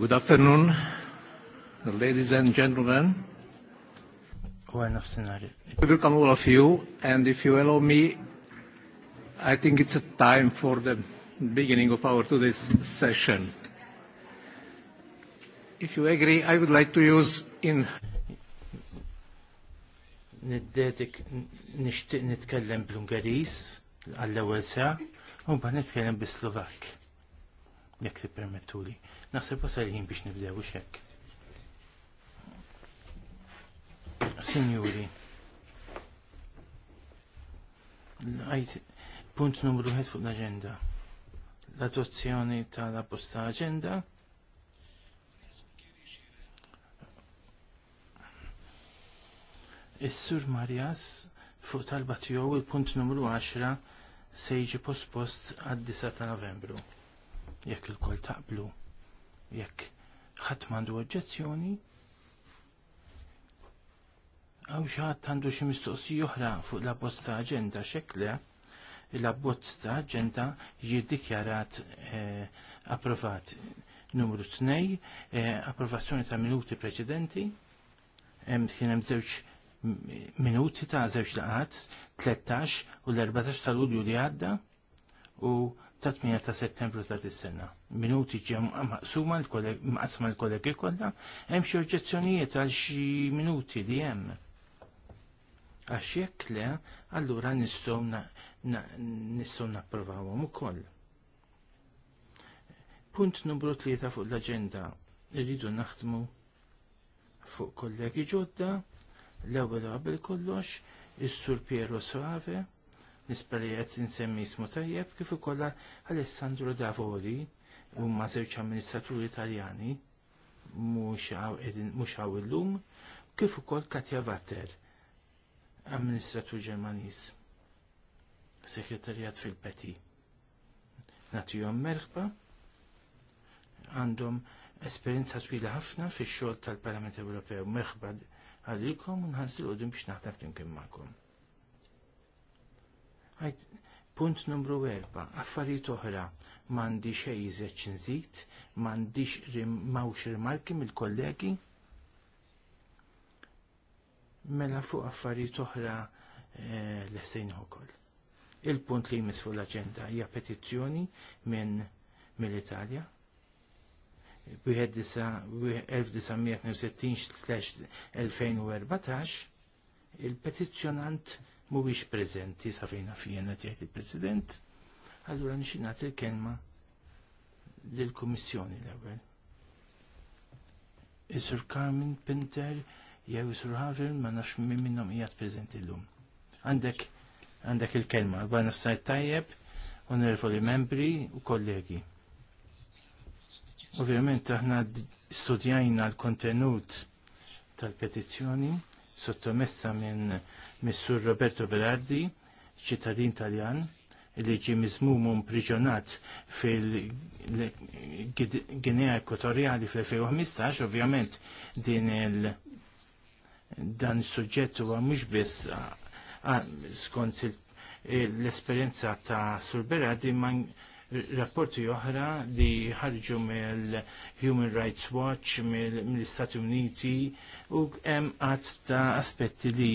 Good afternoon, ladies and gentlemen. We welcome all of you, and if you allow me, I think it's a time for the beginning of our today's session. If you agree, I would like to use in niddedik nishtiq nitkellem bl-Ungaris għall-ewwel sa, u mbagħad nitkellem bis-Slovak jekk tippermettuli. Naħseb wasal jien biex nibdew xekk. Signori, għajt punt numru 1 fuq l-agenda. L-adozzjoni tal-apposta agenda. Is-Sur Marjas fuq talba tiegħu il-punt numru 10 se jiġi postpost għad disa ta' Novembru jekk il-kol taqblu, jekk ħadd m'għandu oġġezzjoni, għaw xaħat għandu xi mistoqsi oħra fuq la ta' aġenda xekle, la ta' aġenda jiddikjarat eh, approvat numru 2, eh, approvazzjoni ta' minuti preċedenti, kien hemm żewġ minuti ta' żewġ laqat, 13 u l-14 ta' Lulju li għadda u ta' 8 ta' settembru ta' dis-sena. Minuti ġem maqsuma maqsma l-kollegi kollha, hemm xi oġġezzjonijiet għal xi minuti li hemm. Għax jekk le, allura nistgħu nistgħu napprovawhom ukoll. Punt numru tlieta fuq l-aġenda irridu naħdmu fuq kollegi ġodda, l-ewwel qabel kollox, is-Sur Piero Soave, nispera li nsemmi ismu tajjeb kif ukoll Alessandro Davoli huma żewġ amministraturi Italjani mhux hawn illum kif ukoll Katja Vatter amministratur Ġermaniż sekretarjat fil-Peti. Natijom merħba għandhom esperienza twila ħafna fix xogħol tal-Parlament Ewropew merħba għalilkom u nħansil biex naħdem flimkien magħkom. Għajt, punt numru 4, affarijiet oħra, mandi xej iżeċ nżid, m'għandix rim, rimarki mill-kollegi. Mela fuq affarijiet oħra eh, l-ħsejn ukoll. Il-punt li jmiss fuq l-aġenda hija petizzjoni minn mill-Italja 1960-2014 il-petizzjonant mhuwiex preżenti sa fejna fien qed jgħid il-President, allura nixin nagħti l-kelma lill-Kummissjoni l-ewwel. Is-Sur Carmen Pinter jew Sur Havel ma nafx minn minnhom qiegħed preżenti llum. Għandek għandek il-kelma, għal nafsajt tajjeb, onorevoli membri u kollegi. Ovvjament aħna studjajna l-kontenut tal-petizzjoni sottomessa minn Missur Roberto Berardi, ċittadin Taljan, li ġi mizmum un fil-Ginea Ekwatorjali fil-2015, ovvjament din il- dan suġġett huwa mhux biss skont l-esperjenza ta' Sur Berardi ma' rapporti oħra li ħarġu mill Human Rights Watch mill-Istati Uniti u hemm qatt ta' aspetti li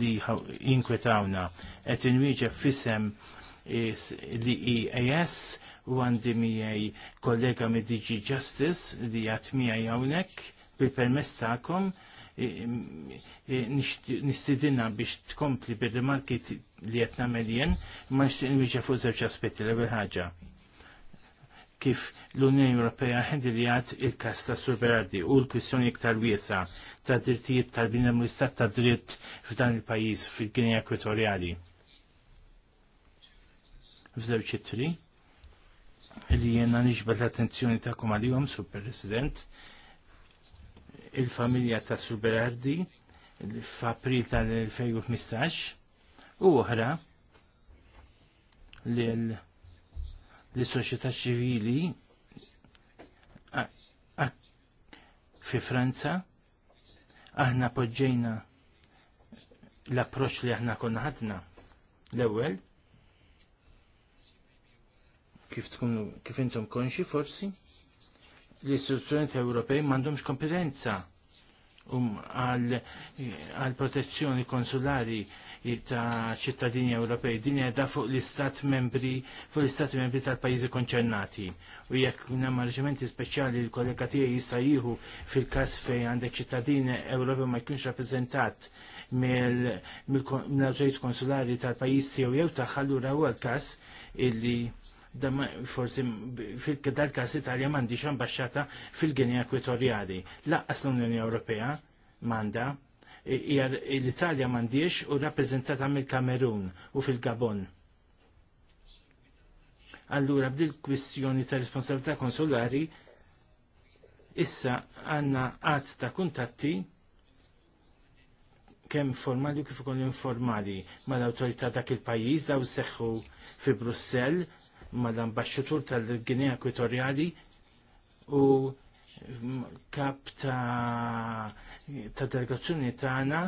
li jinkwetawna qed inwieġeb fisem li EAS u għandi miegħi kollega mid DG Justice li għat miegħi hawnhekk bil-permess tagħkom nistidina biex tkompli bil remarki li nagħmel jien ma nixtiq nwiġa fuq zewċ aspetti l ewwel ħaġa kif l-Unjoni Ewropea ħendiljat il-kas ta' Surberardi u l-kwistjoni iktar wiesa ta' drittijiet tal binem u l-istat ta' dritt f'dan il-pajjiż fil-Ginja Ekwatorjali. F'żewġ it-tri li jiena niġbed l-attenzjoni ta' għalihom sur President il-familja ta' Surberardi f'April tal-2015 u oħra li l- l soċjetà ċivili fi Franza aħna poġġejna l approċċ li aħna konna ħadna l-ewwel kif tkun kif intom konxi forsi l istituzzjonijiet Ewropej m'għandhomx kompetenza Um, għal protezzjoni konsulari ta' ċittadini Ewropej din għedha fuq l-istat membri fuq l-istat membri tal-pajjiżi konċernati. U jekk hemm marġimenti speċjali l-kollega tiegħi jista' jieħu fil-każ fejn għandek ċittadini Ewropej ma jkunx rappreżentat mill-awtoritajiet konsulari tal-pajjiż tiegħu jew taħħallura huwa l-każ illi da forsi fil-kedal kas Italja m'għandix baxxata fil-Ginja Ekwatorjali. Laqqas l-Unjoni Ewropea m'għandha e, e, l-Italja m'għandix u rappreżentata mill-Kamerun u fil-Gabon. Allura bdil kwistjoni ta' responsabilità konsulari issa għanna għad ta' kuntatti kemm formali u kif ukoll informali mal-awtorità dak il-pajjiż daw seħħu fi Brussell mal-ambasċutur tal-Ginea Ekwatorjali u kap ta', ta delegazzjoni tagħna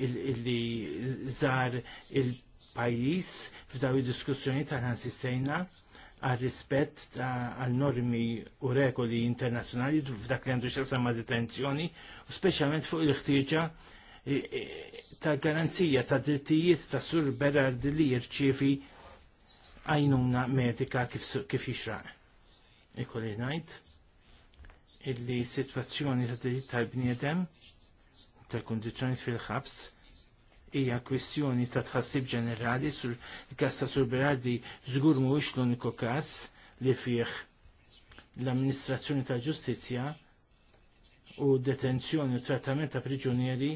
illi żar il-pajjiż f'daw id-diskussjoni tal-ħansi għal rispett għal normi u regoli internazzjonali f'dak li għandu xasam ma' detenzjoni u speċjalment fuq il-ħtieġa eh, eh, ta' garanzija ta' drittijiet ta' sur Berard li jirċievi għajnuna medika kif, kif jixraq. Ikoli najt illi situazzjoni ta' diritt tal-bniedem ta' kondizjoni fil-ħabs hija kwistjoni ta' tħassib ġenerali sur kassa Sur Berardi żgur mhuwiex l-uniku każ li fih l-amministrazzjoni ta' ġustizzja u detenzjoni u trattament ta' priġunieri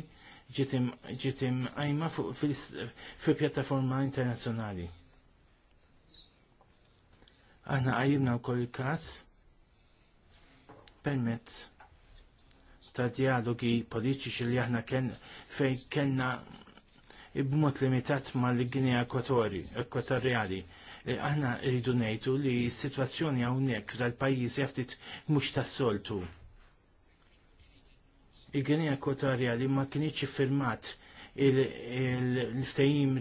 ġitim għajma fil-pjattaforma internazzjonali. Aħna għajibna wkoll il kas permezz ta' dialogi politiċi li aħna ken fejn kena b'mod limitat mal-Ginea Ekwatorjali. E, aħna rridu ngħidu li s-sitwazzjoni hawnhekk f'dal-pajjiż jaftit mhux tas-soltu il gini Ekwatorjali ma kienx iffirmat il-ftajim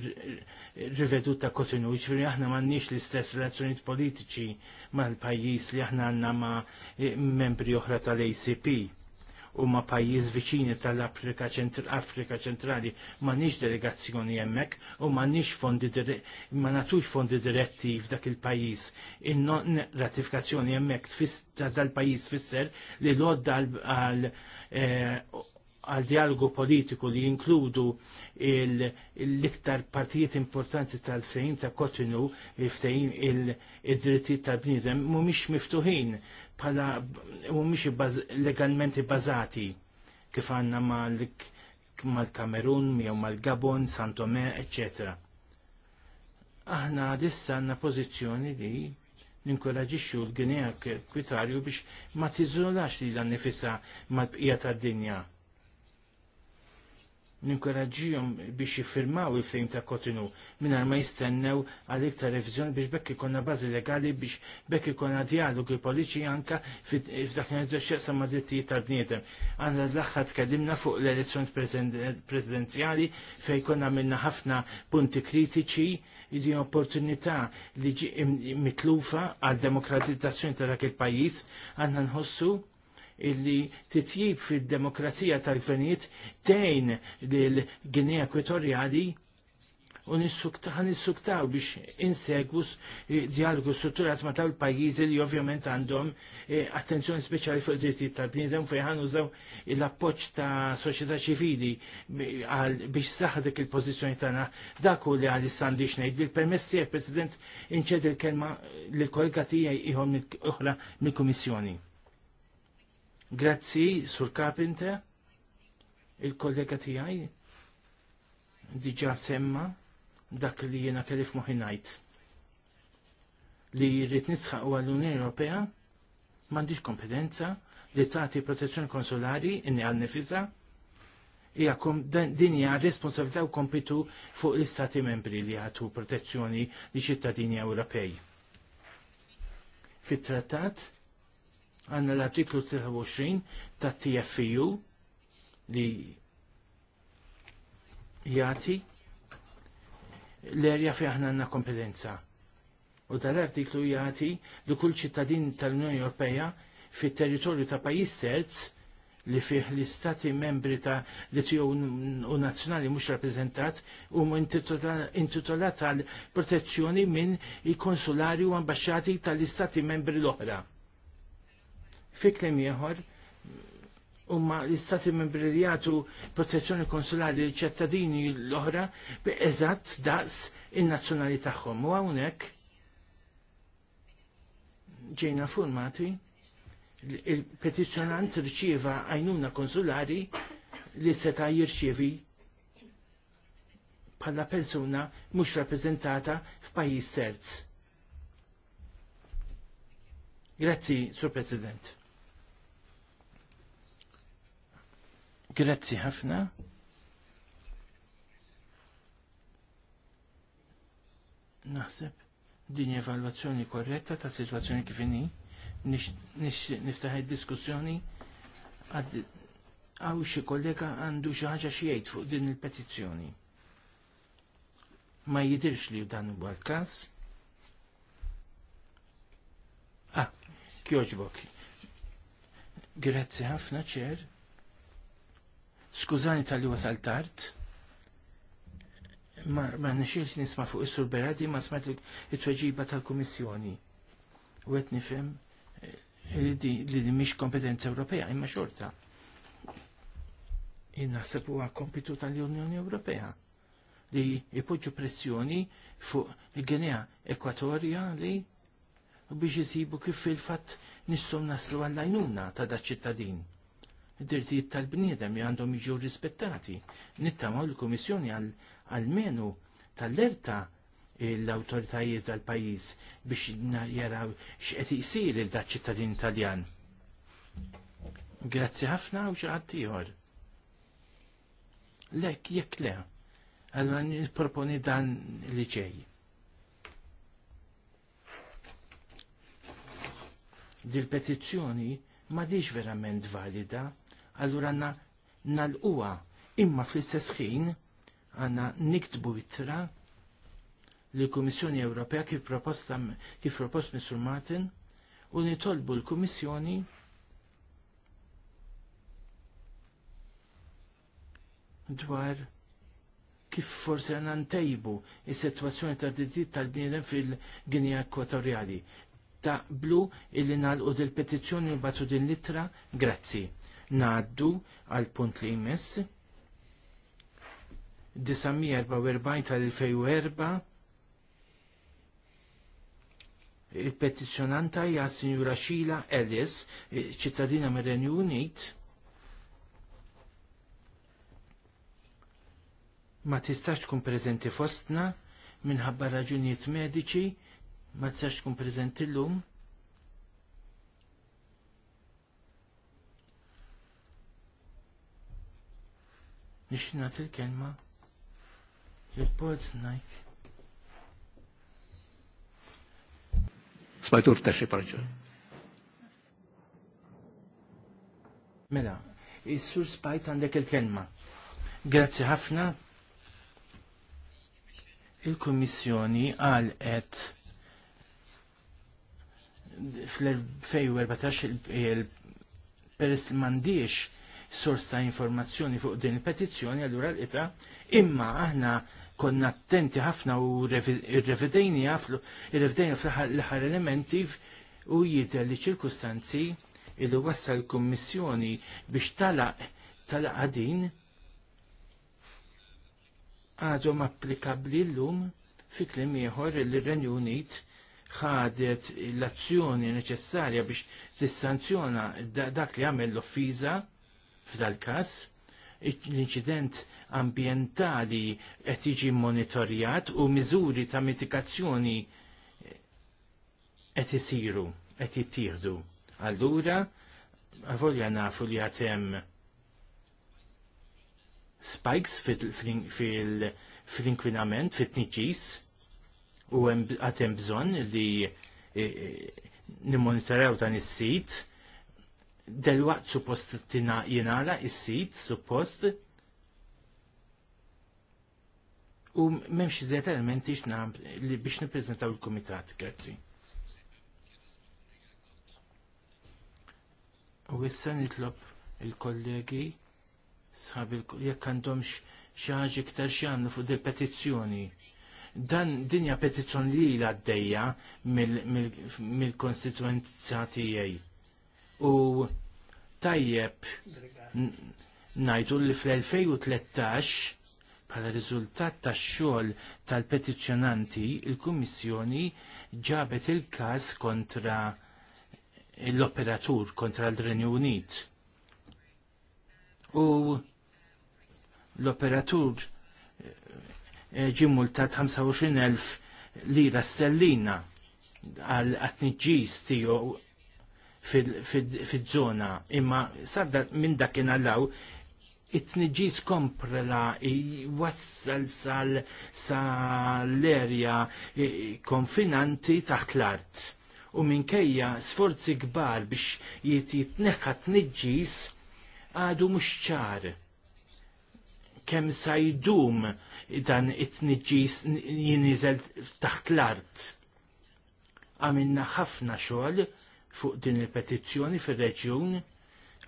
rivedut ta' kotinu, ċifri aħna nix l-istess relazzjoniet politiċi mal-pajis li aħna għanna ma' membri oħra tal-ACP u ma' pajis viċini tal-Afrika Afrika ċentrali nix delegazzjoni jemmek u nix fondi ma' natux fondi diretti f'dak il-pajis. In-non ratifikazzjoni jemmek ta' dal-pajis fisser li l-odda għal eh, għal dialogu politiku li jinkludu l-iktar partijiet importanti tal-fejn ta' Kotinu il-ftejn il-dritti tal-bnidem mumiex miftuħin pala mumiex baz legalmenti bazati kif għanna mal-Kamerun, jew mal-Gabon, Santome, etc. Aħna dissa għanna pozizjoni li ninkoraġiċu l-Ginea Kwitarju biex ma tiżolax li l-annifisa mal-bqija tad-dinja ninkoraġġihom biex jiffirmaw il-fejm ta' Kotinu mingħajr ma jistennew għalik ta' revizjoni biex bekk ikonna bażi legali biex bekk ikolna dialogu politiċi anka f'dak il-xessa ma' drittijiet tal-bniedem. Għanna l-aħħar tkellimna fuq l-elezzjoni prezidenziali fejn konna minna ħafna punti kritiċi id opportunità li mitlufa għal demokratizzazzjoni ta' dak il-pajjiż għandna nħossu illi titjib fil-demokrazija tal-gvernijiet tejn l gnea Ekwatorjali u nissuktaw biex insegwu eh, dialogu strutturat ma tal pajjiżi li ovvjament għandhom eh, attenzjoni speċjali fuq id-drittijiet tal-bniedem fejn użaw l-appoġġ ta' soċjetà ċivili eh, biex saħdek il-pożizzjoni tagħna dak li għal sandi xnejt bil-permess tiegħek President inċed il-kelma lill kollega tiegħi ieħor oħra mill-Kummissjoni. Grazzi, Sur Carpenter, il-kollega tijaj, diġa semma dak li jena kellif muħinajt. Li rrit nisħaq u għall-Unjoni Ewropea mandiġ kompetenza li tagħti protezzjoni konsolari inni għal nifisa hija din hija responsabilità u kompitu fuq l-istati membri li jagħtu protezzjoni li ċittadini Ewropej. Fit-trattat għanna l-artiklu 23 ta' TFU li jati l-erja fi aħna għanna kompetenza. U dal-artiklu jati li kull ċittadin tal-Unjoni Ewropea fit territorju ta' pajis terz li fih l-istati membri ta' li tiju u nazjonali mux rappresentat u intitolat tal protezzjoni minn i konsulari u ambasċati tal-istati membri l-oħra Fi kliem ieħor umma l-istati membri li jagħtu protezzjoni konsulari ċettadini l-oħra bi eżatt daqs in-nazzjonali tagħhom. U hawnhekk ġejna formati il-petizzjonant rċieva għajnuna konsulari li seta' jirċievi bħala persuna mhux rappreżentata f'pajjiż terz. Grazzi, Sur President. Grazzi ħafna. Naħseb din evalwazzjoni korretta ta' situazzjoni kif inhi niftaħ id-diskussjoni għaw xi kollega għandu xi ħaġa xi jgħid fuq din il-petizzjoni. Ma jidirx li dan huwa l-każ. Ah, kjoġbok. Grazzi ħafna ċer Skużani tal-li wasal tard. Ma, ma nixilx nisma fuq is-sur Beradi ma smajt it-tweġiba tal-Kummissjoni. U qed nifhem eh, li di mhix kompetenza Ewropea imma xorta. Jien naħseb huwa kompitu tal-Unjoni Ewropea li jipoġġu pressjoni fuq il-Genea Ekwatorja li biex jisibu kif fil-fatt nistgħu naslu għall-għajnuna ta' da' ċittadin id-dirtijiet tal-bniedem li għandhom jiġu rispettati. Nittamaw l komissjoni għal-menu tal-lerta l-autoritajiet tal-pajis biex jaraw x'qed jisir il dak ċittadin Taljan. Grazzi ħafna u xi tiħor. ieħor. Lek jekk le, allora nipproponi dan li ġej. Dil-petizzjoni ma diġ verament valida allura għanna nal-uwa. Imma fl-istess ħin għanna niktbu ittra li l-Kummissjoni Ewropea kif proposta kif propost Mr. Martin u nitolbu l komissjoni dwar kif forse għanna ntejbu il-situazzjoni ta' diritti tal-bniedem fil-Ginja Ekwatorjali. Ta' blu nal nalqu dil-petizzjoni u batu din litra, grazzi. Ngħaddu għal punt li jmiss 944 tal-2004 il-petizjonanta hija Sinjura Sheila Ellis, ċittadina mir-Renju Unit, ma tistax tkun preżenti fostna minħabba raġunijiet mediċi, ma tistax tkun preżenti llum. nix nagħti l-kelma lill-Polsnajk. Smajtur taxxi parġu. Mela, is-sur spajt għandek il-kelma. Grazzi ħafna. Il-Kummissjoni għal qed fl-2014 il-Peres mandiex sorsa informazzjoni fuq din il-petizzjoni għallura l ita imma aħna konna attenti ħafna u rrevedejni għaflu, rrevedejni fl-ħar elementi u jidher li ċirkustanzi illi wassal l-Kummissjoni biex talaq talaq għadin għadhom applikabli l-lum fi klim ieħor li r-Renju Unit ħadet l-azzjoni neċessarja biex tissanzjona dak li għamel l-offiża F'dal każ l-inċident ambjentali qed jiġi monitorjat u miżuri ta' mitigazzjoni qed isiru, qed jittieħdu. Allura, volja nafu li hemm spikes fil inkwinament fil-tniġis, u għatem bżon li eh, eh, nimmonitoraw dan is-sit Delwaqt suppost tina jenala is-sit suppost u memx zeta elementi li biex niprezentaw il-komitat, grazzi. U issa nitlob il-kollegi sħab jekk għandhomx xaġi ktar xamlu fuq il petizzjoni Dan dinja petizzjoni li l-għaddeja mill konstituenti mil, mil tiegħi U tajjeb najtu li fl-2013 bħala riżultat tax xogħol tal-petizzjonanti il-Kummissjoni ġabet il-każ kontra l-operatur kontra l-Renju Unit. U l-operatur eh, eh, ġi multat 25.000 lira stellina għal atniġġis tiegħu fil-żona. Imma sadda minn dakken allaw it-tniġis komprela wassal sal sal-erja konfinanti taħt l-art. U minkejja sforzi kbar biex jitneħħa t-nġis għadu mux ċar kem sajdum dan it-nġis jinizel taħt l-art. Għamilna ħafna xogħol fuq din il-petizzjoni fil-reġjun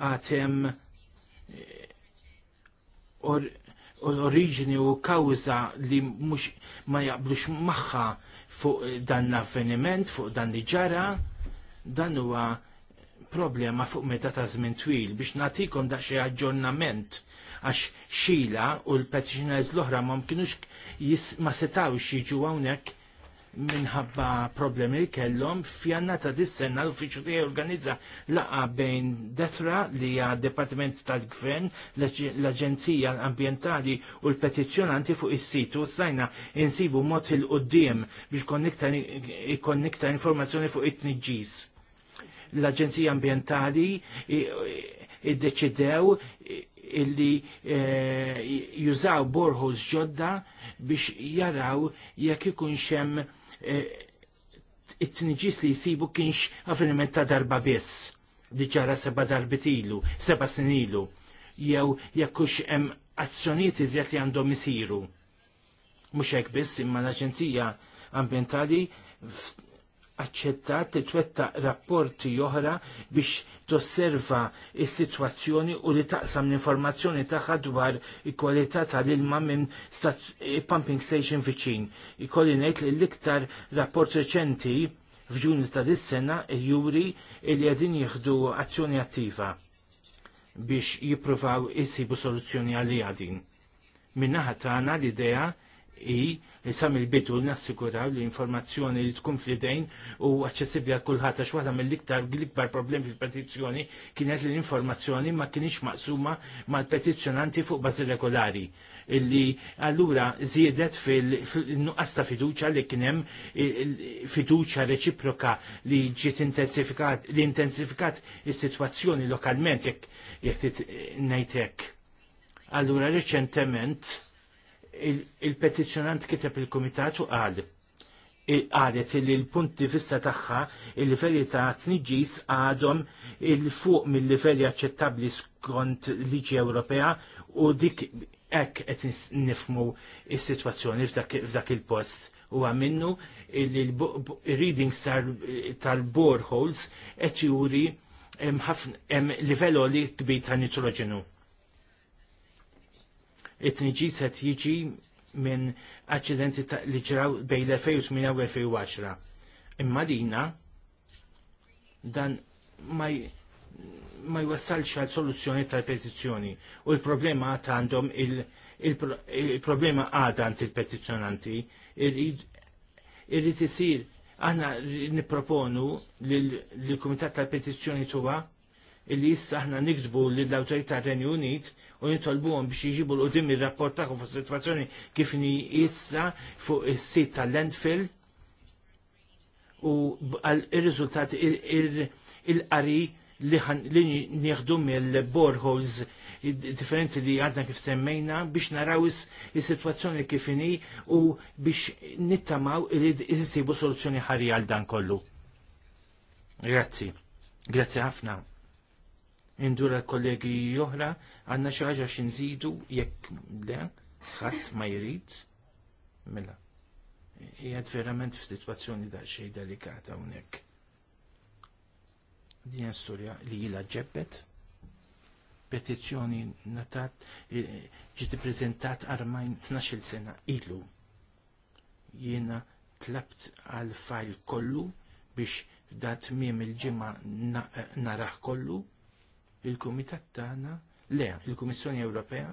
għatem eh, or, l-oriġini u kawza li mux ma jaqblux maħħa fuq dan l-avveniment, fuq dan li ġara, dan huwa problema fuq meta ta' żmien twil biex natikom da' xi aġġornament għax xila u l-petitioners l-oħra ma mkienux ma setawx jiġu hawnhekk minħabba problemi li kellhom f'janna ta' dis-sena l-uffiċċju tiegħi organizza laqa bejn Detra li hija dipartiment tal-Gvern, l-Aġenzija Ambjentali u l-Petizzjonanti fuq is-situ sajna insibu mod il-qudiem biex ikon iktar informazzjoni fuq it-tniġġis. L-Aġenzija Ambjentali iddeċidew illi eh, jużaw borħos ġodda biex jaraw jekk ikun xemm Eh, it-tniġis li jisibu kienx avveniment ta' darba biss li ġara seba darbit ilu, seba sinilu, jew jekkux hemm azzjonijiet iżjed li għandhom isiru. Mhux hekk biss imma l-Aġenzija Ambjentali aċċettat titwettaq rapporti oħra biex tosserva is-sitwazzjoni u li taqsam l-informazzjoni tagħha dwar il-kwalità tal-ilma minn eh, pumping station viċin. Ikolli ngħid li l-iktar rapport reċenti f'Ġuni ta' dis-sena juri li qegħdin jieħdu azzjoni attiva biex jippruvaw jisibu soluzzjoni għalli għadin. Minnaħat għana l-idea i li sam il-bidu nassikuraw li informazzjoni li tkun fl-idejn u aċċessibbli għal kulħadd għax mill-iktar l-ikbar problem fil-petizzjoni kienet li l-informazzjoni ma kienx maqsuma mal-petizzjonanti fuq bażi regolari illi allura żiedet fil-nuqqas ta' fiduċa li kien hemm fiduċa reċiproka li ġiet intensifikat li intensifikat is-sitwazzjoni lokalment jekk jekk ngħid hekk. Allura reċentement il-petizjonant kiteb il-komitat u għal qalet li l-punti vista tagħha il-livelli ta' tniġis għadhom il-fuq mill-livelli aċċettabbli skont liġi Ewropea u dik hekk qed nifmu s sitwazzjoni f'dak il-post u għamennu il-readings tal-boreholes qed juri hemm livell li kbir ta' nitroġenu it-tniġi set jiġi minn accidenti li ġraw bejn l-2008 u 2010. Imma dina dan ma jwassalx għal soluzzjoni tal-petizzjoni u l-problema għad għandhom il-problema għad għand il-petizzjonanti irrid isir aħna niproponu l-Kumitat tal-Petizzjoni tuwa illi issa aħna nikdbu lill awtorità Renju Unit u nitolbuhom biex jiġibu l-qudiem il-rapportaħu fu fuq sitwazzjoni kif issa fuq is-sit tal-landfill u għal-rizultat il-qari li nieħdu mill borholes differenti li għadna kif semmejna biex naraw is-sitwazzjoni kif inhi u biex nittamaw li jissibu soluzzjoni ħarija għal dan kollu. Grazzi. Grazzi ħafna indura l-kollegi oħra għandna xi ħaġa xi jekk le ħadd ma jrid mela. Jgħad verament f'sitwazzjoni da xej delikata hawnhekk. Din storja li jila ġebbet petizzjoni natat eh, ġiet ippreżentat armajn 12 sena ilu. Jiena tlabt għal fajl kollu biex dat miem il-ġimma naraħ kollu il-Kumitat tagħna le, il-Kummissjoni Ewropea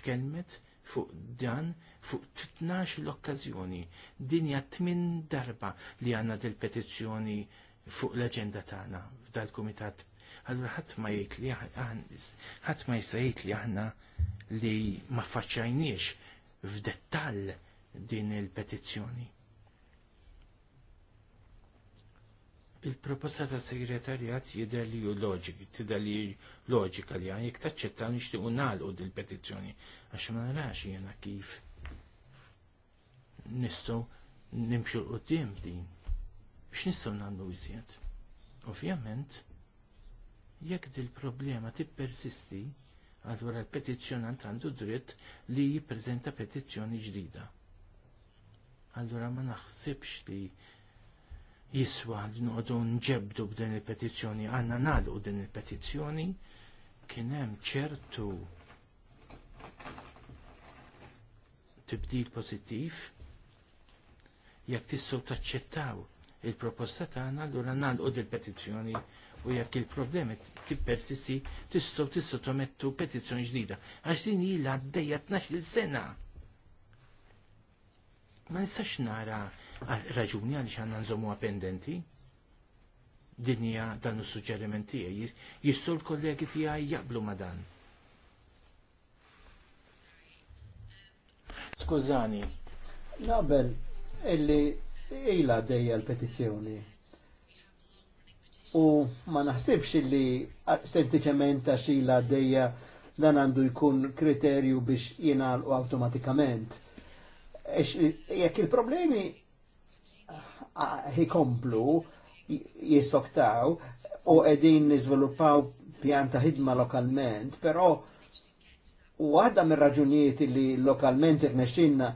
tkellmet fuq dan fuq 12 l-okkażjoni. Din hija tmin darba li għandna del petizzjoni fuq l-aġenda tagħna f'dal-Kumitat. Allura ħadd ma jgħid li ħadd ma jista' jgħid li aħna li ma faċċajniex f'dettall din il-petizzjoni. Il-proposta ta' segretarjat jidher li hu loġik, tidher li loġika li għan jek taċċetta nixtiequ nagħlqu dil-petizzjoni għax ma narax jiena kif nistgħu nimxu l-qudiem din. Biex nistgħu nagħmlu iżjed. Ovvjament, jekk dil-problema tippersisti, allura l-petizzjonant għandu dritt li jippreżenta petizzjoni ġdida. Allura ma naħsibx li jiswa li noqogħdu nġebdu b'din il-petizzjoni, għandna nagħlqu din il-petizzjoni kien hemm ċertu tibdil pożittiv jekk tissu taċċettaw il-proposta tagħna allura nagħlqu din il-petizzjoni u jekk il-problemi tippersisti tistgħu tomettu petizzjoni ġdida għax din ilha għaddejja il sena. Ma nistax nara raġuni għaliex għandna nżomu pendenti. Dinja dan is suġġerimenti għaj, jistgħu l-kollegi tiegħi jaqblu ma' dan. Skużani, nabel illi ila dejja l-petizzjoni. U ma naħsibx illi sentiċement għax ila dejja dan għandu jkun kriterju biex jenal u automatikament. Jekk il-problemi jikomplu, jisoktaw u edin nizviluppaw pjanta ħidma lokalment, però u għadda mir raġunijiet li lokalment irnexinna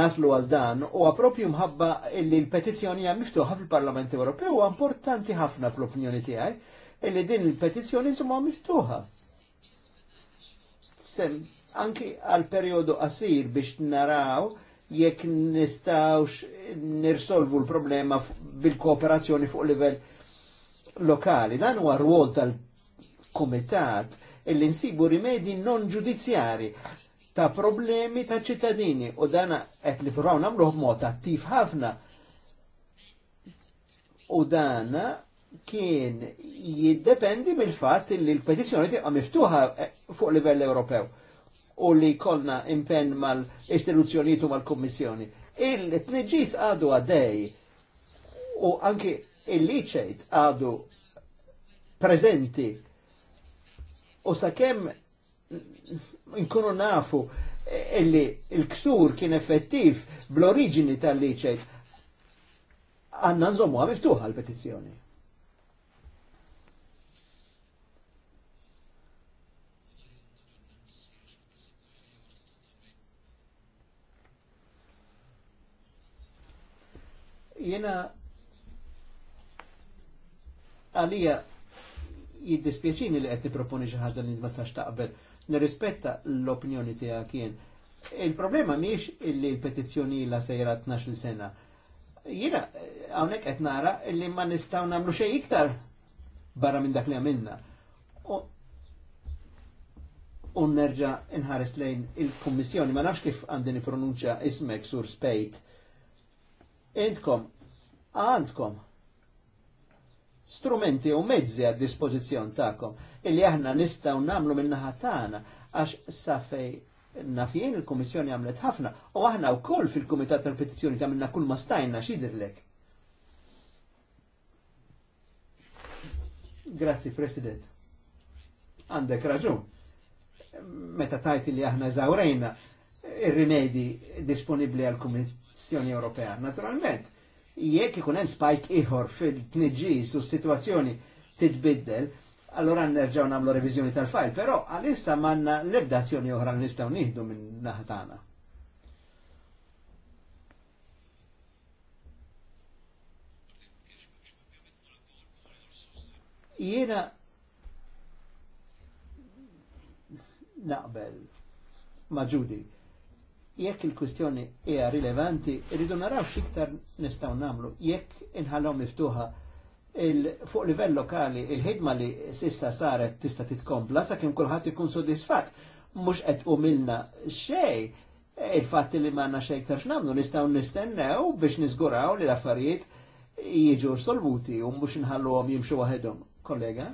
naslu għal dan u għapropju mħabba illi l-petizjoni għam miftuħa fil-Parlament Ewropew u importanti ħafna fl-opinjoni tiegħi illi din il-petizjoni għam miftuħa. Sem, anki għal periodu qasir biex naraw jekk nistawx nirsolvu l-problema bil-kooperazzjoni fuq livell lokali. Dan huwa rwol tal-komitat illi nsibu rimedi non ġudizzjari ta' problemi ta' ċittadini u dana qed nippruvaw nagħmlu b'mod attiv ħafna. U dana kien jiddependi mill-fatt li l-petizzjoni tibqa' miftuħa fuq livell Ewropew u li kolna impenn mal-istituzzjonijiet u mal-Kommissjoni. Il-tneġis għadu għadej u anki il-liċejt għadu prezenti u sakemm nkunu nafu illi il-ksur kien effettiv bl origini tal-liċejt għanna nżommu għamiftuħa l petizjoni Jena għalija jiddispjaċini li qed proponi xi ħaġa li ma sax taqbel. Nirrispetta l-opinjoni tiegħek kien. Il-problema miex illi l-petizzjoni la sejra 12 sena. Jiena hawnhekk qed nara illi ma nistgħu nagħmlu xejn iktar barra minn dak li għamilna. U nerġa' nħares lejn il-Kummissjoni, ma nafx kif għandini pronunċa ismek sur spejt. Intkom għandkom strumenti u mezzi għad dispożizzjon ta'kom illi aħna nistaw namlu minnaħa tagħna għax safej nafjien il-Komissjoni għamlet ħafna u aħna wkoll fil-Kumitat tal-Petizzjoni minna kull ma stajna xidirlek. Grazzi, President. Għandek raġun. Meta tajt li aħna eżawrejna ir-rimedi disponibli għal-Komissjoni Ewropea. Naturalment, Jekk ikun hemm spike ieħor fil-tniġġis u s-sitwazzjoni titbiddel, allora nerġgħu nagħmlu reviżjoni tal file però għalissa m'għandna l-ebda azzjoni oħra li nistgħu nieħdu minn naħa tagħna. Jiena naqbel ma' Judy jekk il-kwistjoni hija rilevanti, rridu naraw xiktar nistgħu nagħmlu jekk inħallhom miftuħa fuq livell lokali il-ħidma li sissa saret tista' titkompla sakemm kulħadd ikun sodisfatt mhux qed umilna xejn il-fatt li m'għandna xejn iktar x'nagħmlu nistgħu nistennew biex niżguraw li l-affarijiet jiġu solvuti u mhux inħalluhom jimxu waħedhom. Kollega?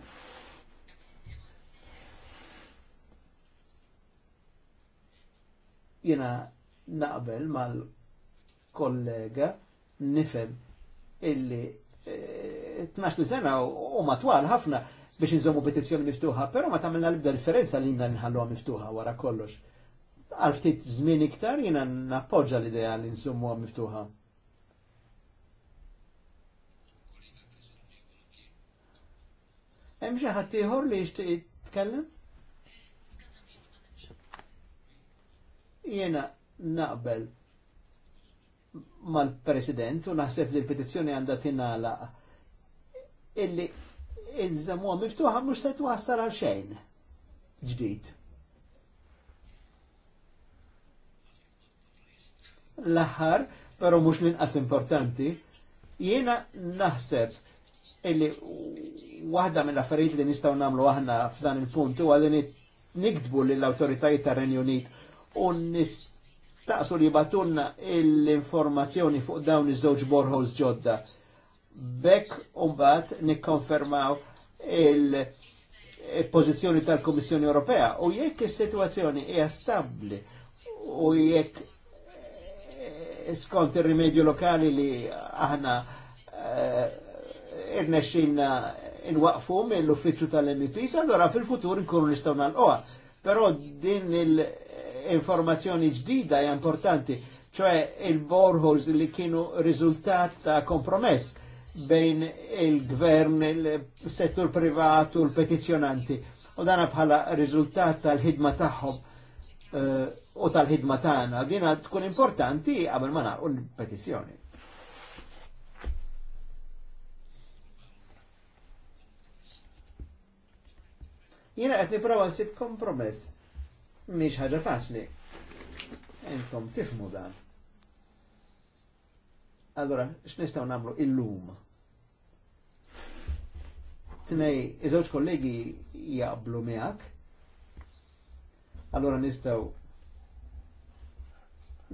jina naqbel mal-kollega nifem illi 12 eh, sena u matwal ħafna biex nżommu petizjoni miftuħa, pero ma tamilna l-ibda differenza li jina nħalluha miftuħa wara kollox. Għal ftit żmien iktar jina nappoġġa l-idea li nżommuha miftuħa. Hemm xi ħadd ieħor li jixtieq jitkellem? Jena naqbel mal-president u naħseb li l-petizzjoni għandha tinala illi il-żamuha miftuħa mhux se twassal għal xejn ġdid. L-aħħar, però mhux l-inqas importanti, jiena naħseb illi waħda mill-affarijiet li nistgħu nagħmlu aħna f'dan il-punt huwa li nikdbu lill-awtoritajiet tar-Renju Unit un taqsu li batunna l-informazzjoni fuq dawn iż-żewġ borhols ġodda. Bekk umbat nikkonfermaw il pożizzjoni tal kummissjoni Ewropea u jekk is-sitwazzjoni hija stabbli u jekk eh, skont ir-rimedju lokali li aħna eh, irnexxinna inwaqfu mill-uffiċċju tal-MEPs, allora fil-futur inkunu nistgħu nagħlqoha. Però din il- informazzjoni ġdida e importanti, cioè il borhos li kienu riżultat ta' kompromess bejn il-gvern, il-settur privatu, l-petizjonanti. U dana bħala riżultat tal-ħidma tagħhom eh, u tal-ħidma tagħna. Dina tkun importanti qabel ma nagħqu l-petizzjoni. Jiena qed nipprova nsib kompromess miex ħaġa faċli. Entom tifmu dan. Allora, x'nistgħu nagħmlu illum? Tnej, iżewġ kollegi jaqblu miegħek. Allora nistgħu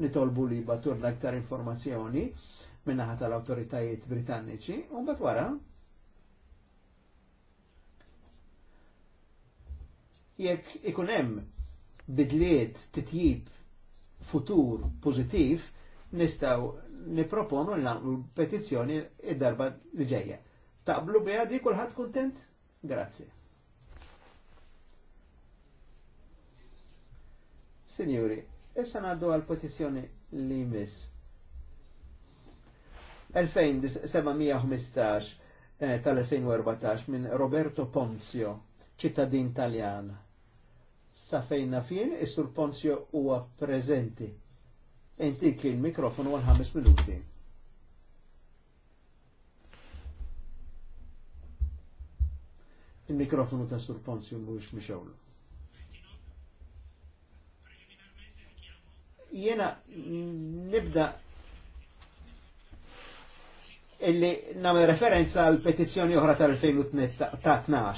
nitolbu li baturna iktar informazzjoni minnaħa tal awtoritajiet britanniċi, u mbagħad wara. Jekk ikun hemm bidliet titjib futur pozittiv nistaw niproponu l petizjoni id-darba l-ġeja. Taqblu bija di kullħat kontent? Grazie. Signori, issa naddu għal petizjoni li jmiss. 2715 eh, tal-2014 minn Roberto Ponzio, ċittadin Taljan sa fejna fien, istur Ponzio huwa prezenti. Inti kien mikrofonu għal ħames minuti. Il-mikrofonu ta' Sur Ponzio mhuwiex mixewlu. Jena nibda illi namel referenza għal petizzjoni oħra tal-2012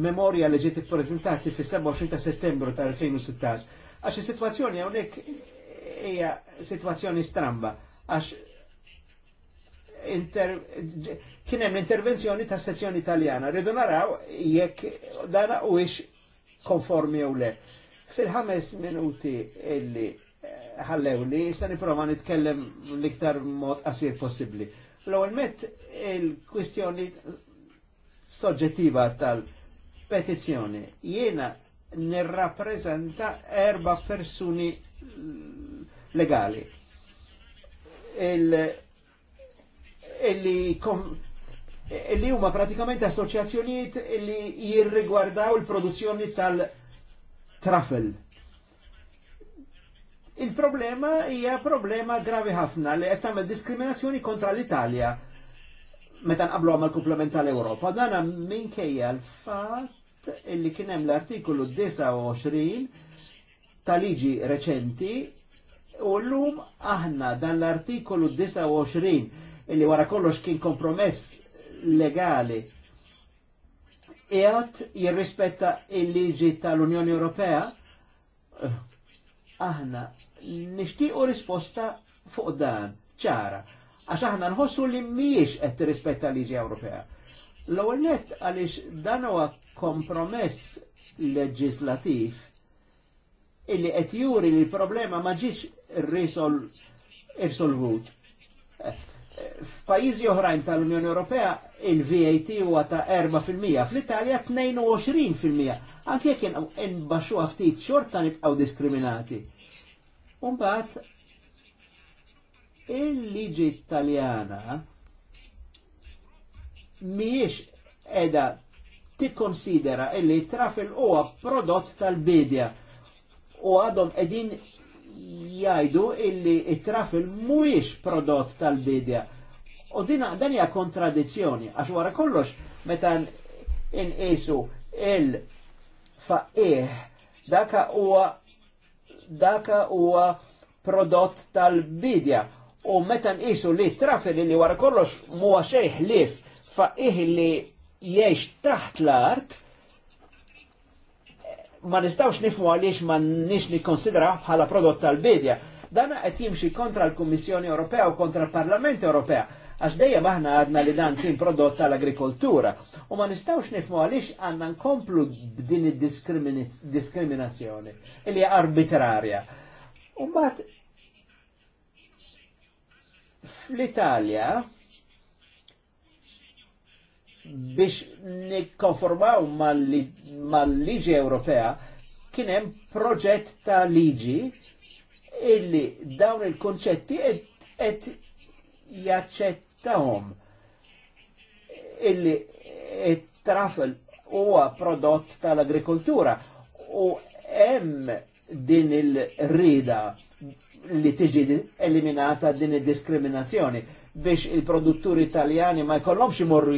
memoria li ġiet ippreżentati fis-27 ta' settembru tal-2016. Għax is-sitwazzjoni hawnhekk hija sitwazzjoni stramba għax inter... kien hemm intervenzjoni ta' sezzjoni Italjana. Rridu naraw jekk dana ix konformi jew le. Fil-ħames minuti illi ħallew li jista niprofa nitkellem l-iktar mod qasir possibbli. L-ewwel met il-kwistjoni soġġettiva tal-petizzjoni. Jiena nirrappreżenta erba' persuni legali. illi huma pratikament assoċjazzjonijiet li jirrigwardaw il-produzzjoni tal-trafel. Il-problema hija problema gravi ħafna li qed tagħmel diskriminazzjoni kontra l-Italja meta nqablu għamal komplement tal-Europa. Dana minkejja l-fat illi kienem l-artikolu 29 tal-liġi reċenti u l-lum aħna dan l-artikolu 29 illi wara kollox kien kompromess legali jgħat jirrispetta il-liġi tal-Unjoni Ewropea eh, aħna nishtiqu risposta fuq dan ċara Għax aħna nħossu li mhijiex qed tirrispetta liġi Ewropea. L-ewwel nett għaliex dan huwa kompromess leġislattiv illi qed juri li l-problema ma ġietx irsolvut. F'pajjiżi oħrajn tal-Unjoni Ewropea il-VAT huwa ta' 4%, fl-Italja 22%. Anke jekk inbaxxuha ftit xorta nibqgħu diskriminati. mbagħad. Il-liġi italjana miex edha tikkonsidera illi trafil huwa prodott tal-bidja u għadhom edin jajdu illi it-trafil mhuwiex prodott tal-bidja. U dina dan hija kontradizzjoni għax wara kollox meta inqisu il-faqih daka huwa daka huwa prodott tal-bidja u meta nqisu li trafi li wara kollox muwa xej ħlief faqih li jgħix taħt l-art ma nistawx nifmu għaliex ma nix nikkonsidra bħala prodott tal-bidja. Dana qed jimxi kontra l-Kummissjoni Ewropea u kontra l-Parlament Ewropea għax dejjem aħna għadna li dan kien prodott tal-agrikoltura u ma nistawx nifmu għaliex għandna nkomplu b'din id-diskriminazzjoni illi arbitrarja. Umbat Fl-Italja, biex nikkonformaw mal-liġi Ewropea, kien hemm proġett ta' liġi illi dawn il-konċetti qed jaċċettahom illi it-trafel huwa prodott tal-agrikoltura u hemm din il-rida li tiġi eliminata din id-diskriminazzjoni biex il-produtturi italjani ma jkollhomx imorru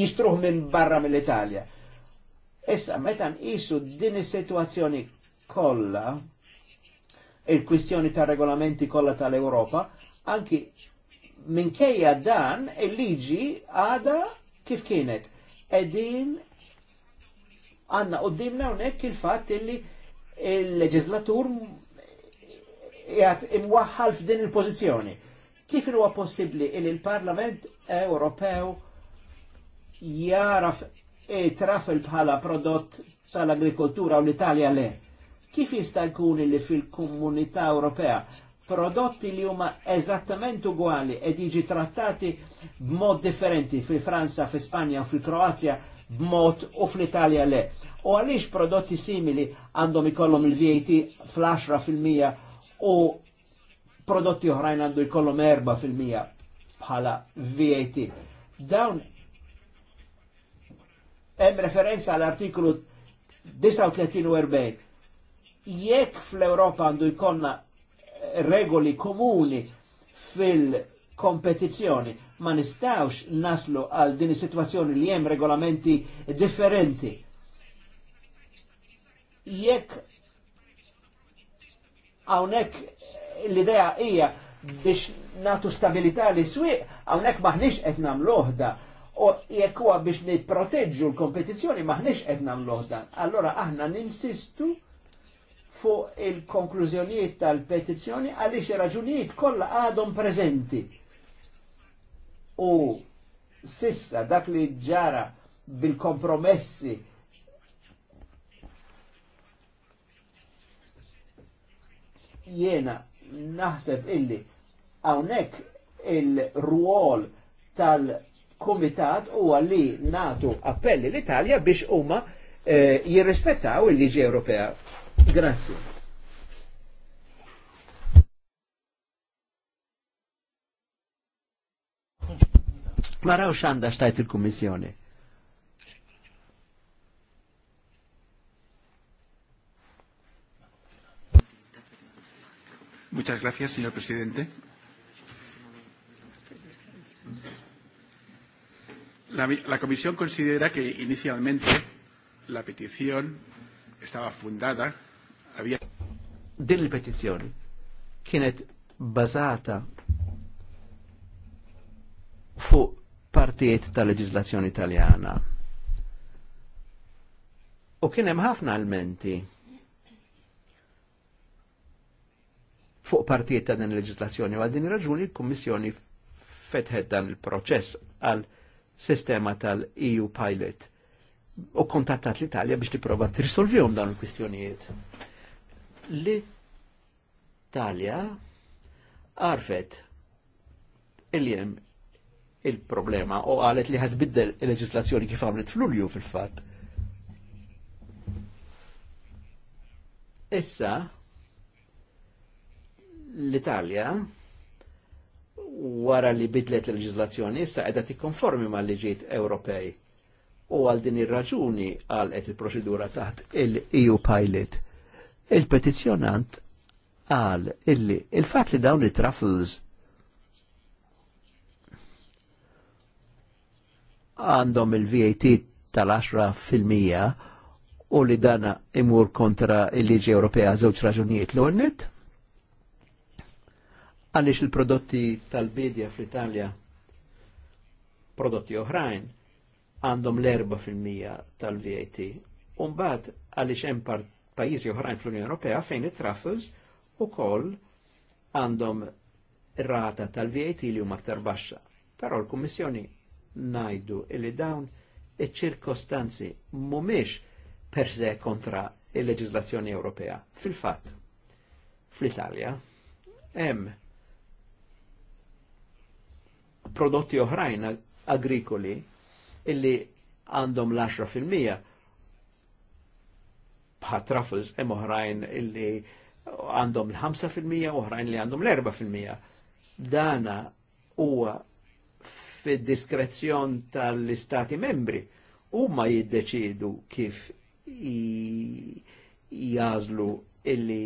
jistruħ minn barra mill-Italja. Issa, meta nqisu din is-sitwazzjoni kollha, il-kwistjoni ta' regolamenti kollha tal-Ewropa, anki minkejja dan il-liġi għada kif kienet. Edin għanna u dimna unek il-fat illi il leġizlatur jgħat imwaħħal f'din il-pozizjoni. Kif il huwa possibbli il il-Parlament Ewropew jaraf il bħala prodott tal-agrikoltura u l-Italja le? Kif jista' jkun li fil-Komunità Ewropea prodotti li huma eżattament uguali ed jiġi trattati b'mod differenti fi Franza, fi Spanja u fi Kroazja b'mod u fl-Italja le. U għaliex prodotti simili għandhom ikollhom il-VAT fl-10 u prodotti oħrajn għandu jkollhom erba' fil-mija bħala VAT. Dawn hemm referenza għall artiklu 39 Jekk fl-Ewropa għandu jkollna regoli komuni fil-kompetizzjoni, ma nistawx naslu għal din is-sitwazzjoni li hemm regolamenti differenti. Jekk Hawnhekk l-idea hija biex natu stabilità li swieq, hawnhekk maħniex qed nagħmluh U jekk huwa biex nipproteġġu l-kompetizzjoni maħniex qed nagħmluh Allora aħna ninsistu fuq il-konklużjonijiet tal-petizzjoni għaliex raġunijiet kollha għadhom preżenti. U sissa dak li ġara bil-kompromessi Jena naħseb illi hawnhekk il-ruol tal-Kumitat huwa li natu appelli l-Italja biex huma eh, jirrispettaw il-liġi Ewropea. Grazzi. rawx xanda xtajt il-Kummissjoni. Muchas gracias, señor presidente. La, la comisión considera que inicialmente la petición estaba fundada, había... Din il-petizzjoni kienet bazata fuq partijiet tal-leġizlazzjoni italjana. U kien hemm ħafna almenti fuq partijiet ta' din il-leġislazzjoni. Għal din raġuni l-Kummissjoni fetħet dan il-proċess għal sistema tal-EU pilot u kontattat l-Italja biex tipprova tirrisolvihom dawn il-kwistjonijiet. L-Italja għarfet il-jem il-problema u għalet li ħadbiddel il-leġislazzjoni kif għamlet fl-ulju fil-fat. Issa, L-Italja wara li bidlet l-leġizlazzjoni issa qiegħda tikkonformi mal-liġijiet Ewropej. U għal din ir-raġuni għalqet il-proċedura taħt il-EU Pilot. Il-petizzjonant għal illi il-fatt li dawn it-truffles għandhom il-VAT tal-10% u li dana imur kontra il-liġi Ewropea żewġ raġunijiet l-ornet għaliex il-prodotti tal-bidja fl-Italja prodotti oħrajn għandhom l-4% tal-VAT. Umbat għaliex hemm pajjiżi oħrajn fl-Unjoni Ewropea fejn it traffus ukoll għandhom rata tal-VAT li huma aktar baxxa. Però l-Kummissjoni ngħidu li dawn iċ-ċirkostanzi mhumiex per se kontra il leġislazzjoni Ewropea. Fil-fatt, fl-Italja hemm prodotti oħrajn agrikoli illi għandhom l-10% bħat truffles hemm oħrajn illi għandhom l-5% u oħrajn li għandhom l-4%. Dana huwa fid-diskrezzjon tal-istati membri huma jiddeċidu kif jażlu illi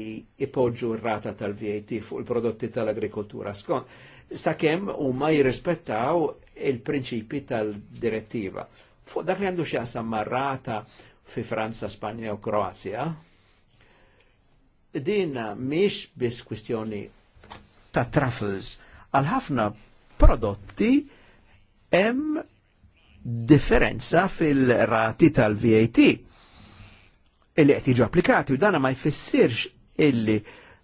ipoġġu r-rata tal-VAT fuq il-prodotti tal-agrikoltura skont sakemm huma jirrispettaw il-prinċipi tal-direttiva. Fuq dak li għandu xjaqsam marrata fi Franza, Spanja u Kroazja, din miex biss kwistjoni ta' truffles, għal ħafna prodotti hemm differenza fil-rati tal-VAT illi qed jiġu applikati u dana ma jfissirx illi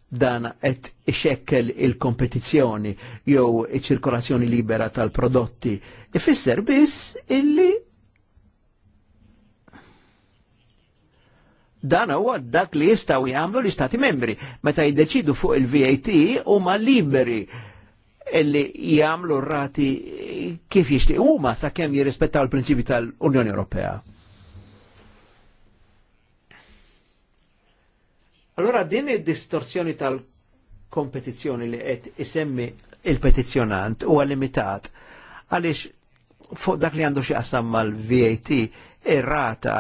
dan qed ixekkel il-kompetizzjoni jew iċ-ċirkolazzjoni libera tal-prodotti. Ifisser biss illi dan huwa dak li jistgħu jagħmlu l-Istati membri meta jiddeċidu fuq il-VAT huma liberi illi jagħmlu rati kif jixtieq huma sakemm jirrispettaw il-prinċipi tal-Unjoni Ewropea. Allora din id-distorsjoni tal-kompetizzjoni li qed isemmi il-petizzjonant huwa limitat għaliex fuq dak li għandu xi qasam mal-VAT ir-rata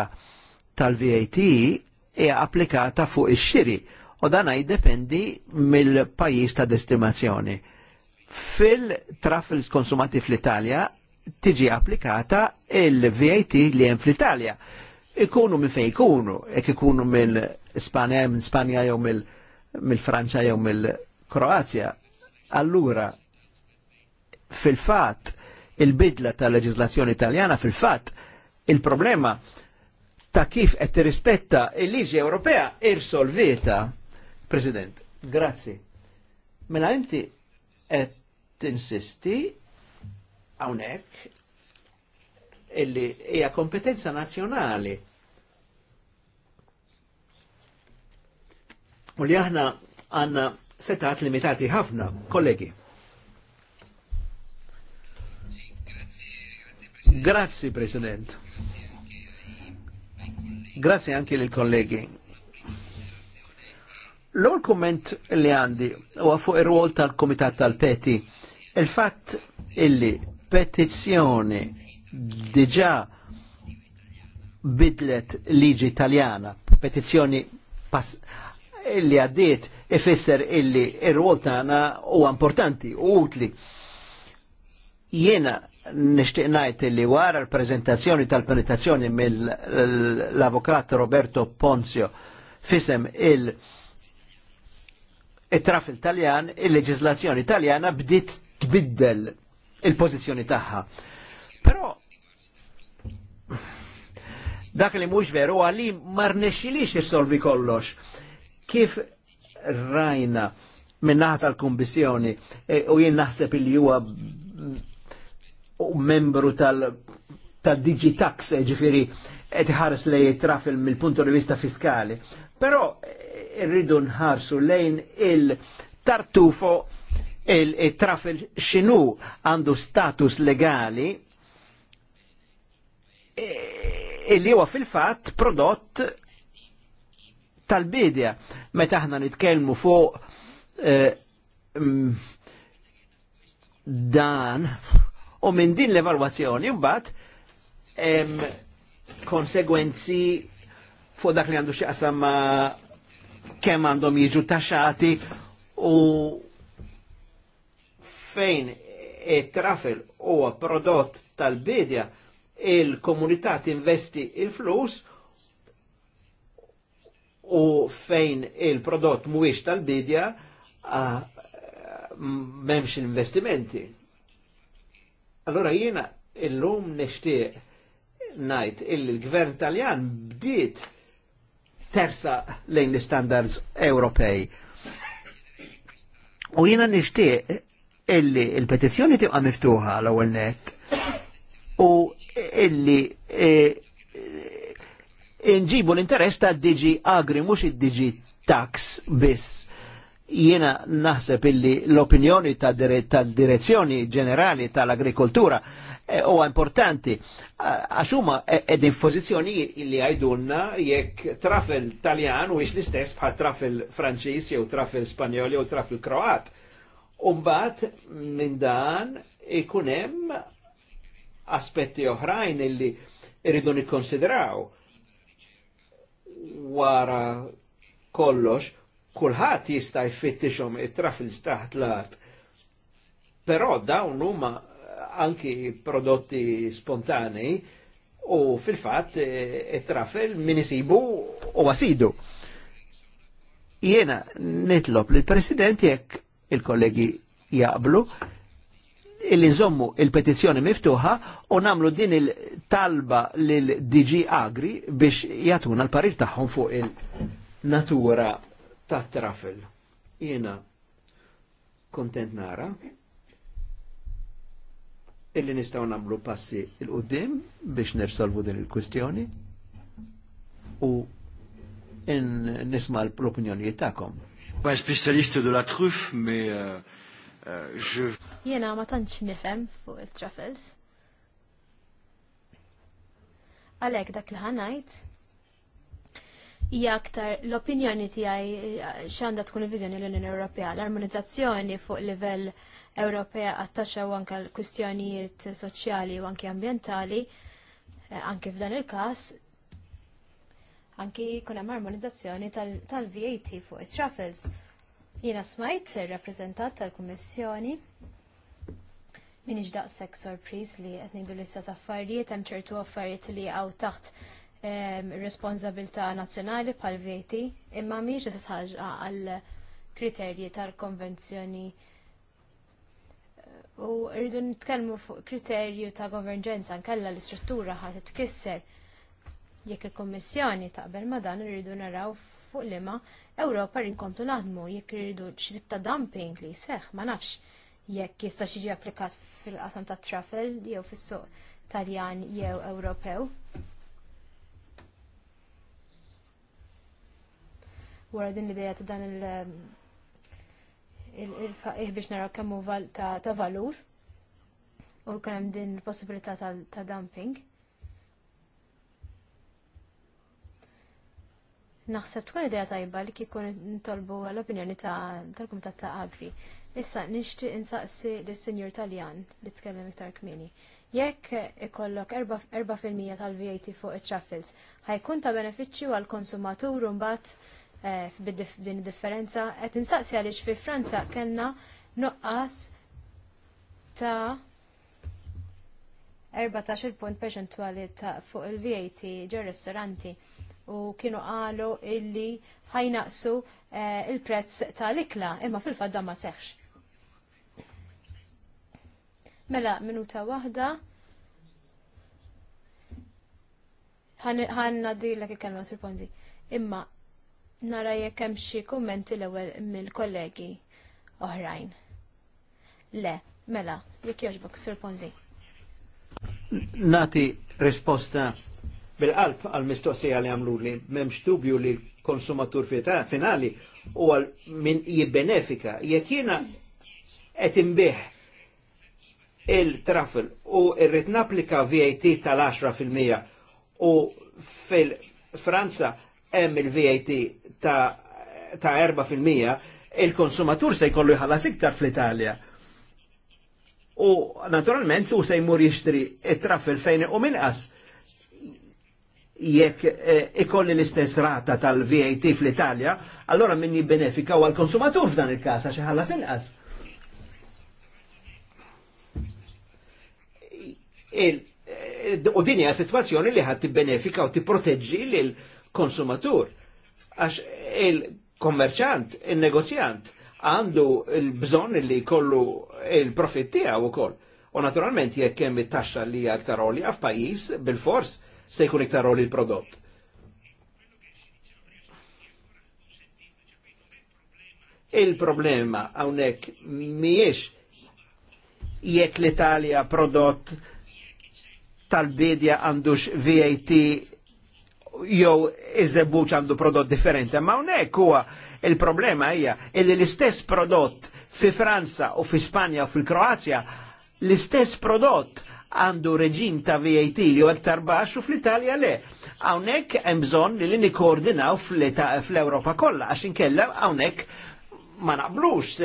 tal-VAT hija applikata fuq ix-xiri u dan jiddependi mill-pajjiż ta' destinazzjoni. Fil-traffils konsumati fl-Italja tiġi applikata il-VAT li hemm fl-Italja ikunu minn fejn ikunu, jekk ikunu minn Spanja, minn Spanja jew mill-Franċa jew mill-Kroazja, allura fil-fatt il-bidla tal-leġislazzjoni italjana fil-fatt il-problema ta' kif qed tirrispetta il-liġi Ewropea irsolvita. President, grazzi. Mela inti qed tinsisti hawnhekk illi hija kompetenza nazzjonali. U li aħna għanna setat limitati ħafna, kollegi. Grazzi, President. Grazzi anche lil kollegi. L-ewwel kumment li għandi u għafu ir-rwol tal komitat tal-Peti. Il-fatt illi petizjoni diġa bidlet liġi italjana, petizzjoni illi għaddiet ifisser illi ir-rol tagħna huwa importanti u utli. Jiena nixtieq ngħid li wara l-preżentazzjoni tal-penitazzjoni mill-avukat Roberto Ponzio fisem il- it-traf taljan il-leġislazzjoni Italjana bdiet tbiddel il-pożizzjoni tagħha. Però Dak li mhux veru għalli mar nexxilix issolvi kollox. Kif rajna minn naħa tal kumbissjoni e, u jien naħseb li huwa membru tal-Digitax, tal e, ġifiri, qed iħares lej trafil mill punt di vista fiskali. Però e, rridu nħarsu lejn il-tartufo il-trafil xinu għandu status legali e illi huwa fil-fatt prodott tal-bidja. Meta aħna nitkellmu fuq eh, mm, dan u minn din l-evalwazzjoni mbagħad konsegwenzi fuq dak li għandu x'jaqsam ma' kemm għandhom jiġu taxxati u fejn it-trafil huwa prodott tal-bidja il-komunità tinvesti il-flus u fejn il-prodott mhuwiex tal-bidja memx investimenti. Allora jiena illum nixtieq najt il-gvern taljan bdiet tersa lejn l-standards Ewropej. U jiena nixtieq illi il-petizzjoni tibqa' miftuħa l-ewwel net. U illi e, inġibu l-interess ta' DG Agri, mux id-DG Tax biss. Jiena naħseb illi l-opinjoni tal-direzzjoni ġenerali tal-agrikoltura e, u importanti għaxuma e, ed pozizjoni illi għajdunna jekk trafel taljan u l-istess bħal trafel franċis jew trafel spanjol jew trafel kroat. Umbat minn dan ikunem aspetti oħrajn illi irridu nikkonsidraw wara kollox kulħadd jista' jfittixhom it fil taħt l-art. Però dawn huma anki prodotti spontanei u fil-fatt e, it-trafel min isibu u wasidu. Jiena nitlob li l-President jekk il-kollegi jaqblu illi nżommu il-petizzjoni miftuħa u namlu din il-talba lil-DG Agri biex jatuna l-parir tagħhom fuq il-natura ta' trafil. Jena kontent nara illi nistaw namlu passi il-qoddim biex nirsolvu din il-kwistjoni u nisma l-opinjonijiet jittakom. Pa' spécialiste de la truffe, me uh, uh, je Jena ma tantx nifhem fuq il-truffles. Għalhekk dak li ħanajt hija aktar l-opinjoni tiegħi x'għandha tkun il-viżjoni l-Unjoni Ewropea, l-armonizzazzjoni fuq livell Ewropea għattaxa u anke l-kwistjonijiet soċjali u anke ambjentali, eh, anke f'dan il-każ, anki jkun hemm armonizzazzjoni tal-VAT fuq it-truffles. Jiena smajt il rappreżentant tal-Kummissjoni Min iġdaq sex surprise li qed ngħidu l-istess affarijiet hemm ċertu affarijiet li għaw taħt ehm, responsabilità nazzjonali bħal VAT, imma miex istess ħaġa għal kriterji tal-konvenzjoni u rridu nitkellmu fuq kriterju ta' konverġenza nkella l-istruttura ħad titkisser jekk il-Kommissjoni taqbel ma dan rridu naraw fuq liema Ewropa rinkomtu naħdmu jekk irridu xi tip ta' dumping li seħ ma nafx jekk jista' jiġi applikat fil-qasam tat travel jew fis-suq Taljan jew Ewropew. Wara din l-idea ta' dan il-faqih biex naraw kemm hu ta' valur u kien hemm din il-possibilità ta' dumping. Naħseb tkun idea tajba li kikun ntolbu għall-opinjoni tal-Kumitat ta' Agri. Issa nixtieq insaqsi lis-Sinjur Taljan li tkellem iktar kmieni. Jekk ikollok 4% tal-VAT fuq it traffils ħajkun ta' benefiċċju għall konsumatur mbagħad eh, b'din differenza qed insaqsi għaliex fi Franza kellna nuqqas ta' 14 punt perċentwali ta' fuq il-VAT ġo ristoranti u kienu qalu illi ħajnaqsu eh, il-prezz tal-ikla imma fil-fadda ma seħx. Mela, minuta waħda. Ħanna ek il-kelma sur Ponzi. Imma, nara jekk hemm xi kummenti l-ewwel mill-kollegi oħrajn. Le, mela, jekk jogħġbok sur Ponzi. Nati risposta bil-qalb għal-mistoqsija li għamlu li memx dubju li konsumatur finali u għal min jibbenefika. Jekk jiena qed imbieħ il-traffel u irrit naplika VAT tal-10% u fil-Franza hemm il-VAT ta', 4% il-konsumatur se jkollu jħallas iktar fl-Italja. U naturalment u se jmur jixtri it-traffel fejn u minqas jekk e, ikolli l-istess rata tal-VAT fl-Italja, allora min benefika u għal-konsumatur f'dan il-kas għax ħallas inqas. Eh, u din hija sitwazzjoni li ħadd tibbenefika u tipproteġġi lil konsumatur. Għax il-kommerċant, il-negozjant għandu il-bżon li kollu il-profit tiegħu ukoll. U naturalment jekk hemm it-taxxa li hija aktar olja f'pajjiż bil-fors se jkun iktar oli l-prodott. Il-problema hawnhekk mhijiex jekk l-Italja prodott tal-bidja għandux VAT jew iżebbuċ għandu prodott differenti. Ma unnek huwa il-problema hija illi l-istess prodott fi Franza u fi Spanja u fi kroazja l-istess prodott għandu reġim ta' VAT li u aktar baxx u fl-Italja le. Hawnhekk hemm bżonn li nikkoordinaw fl europa kolla, għaxin kella għawnek ma naqblux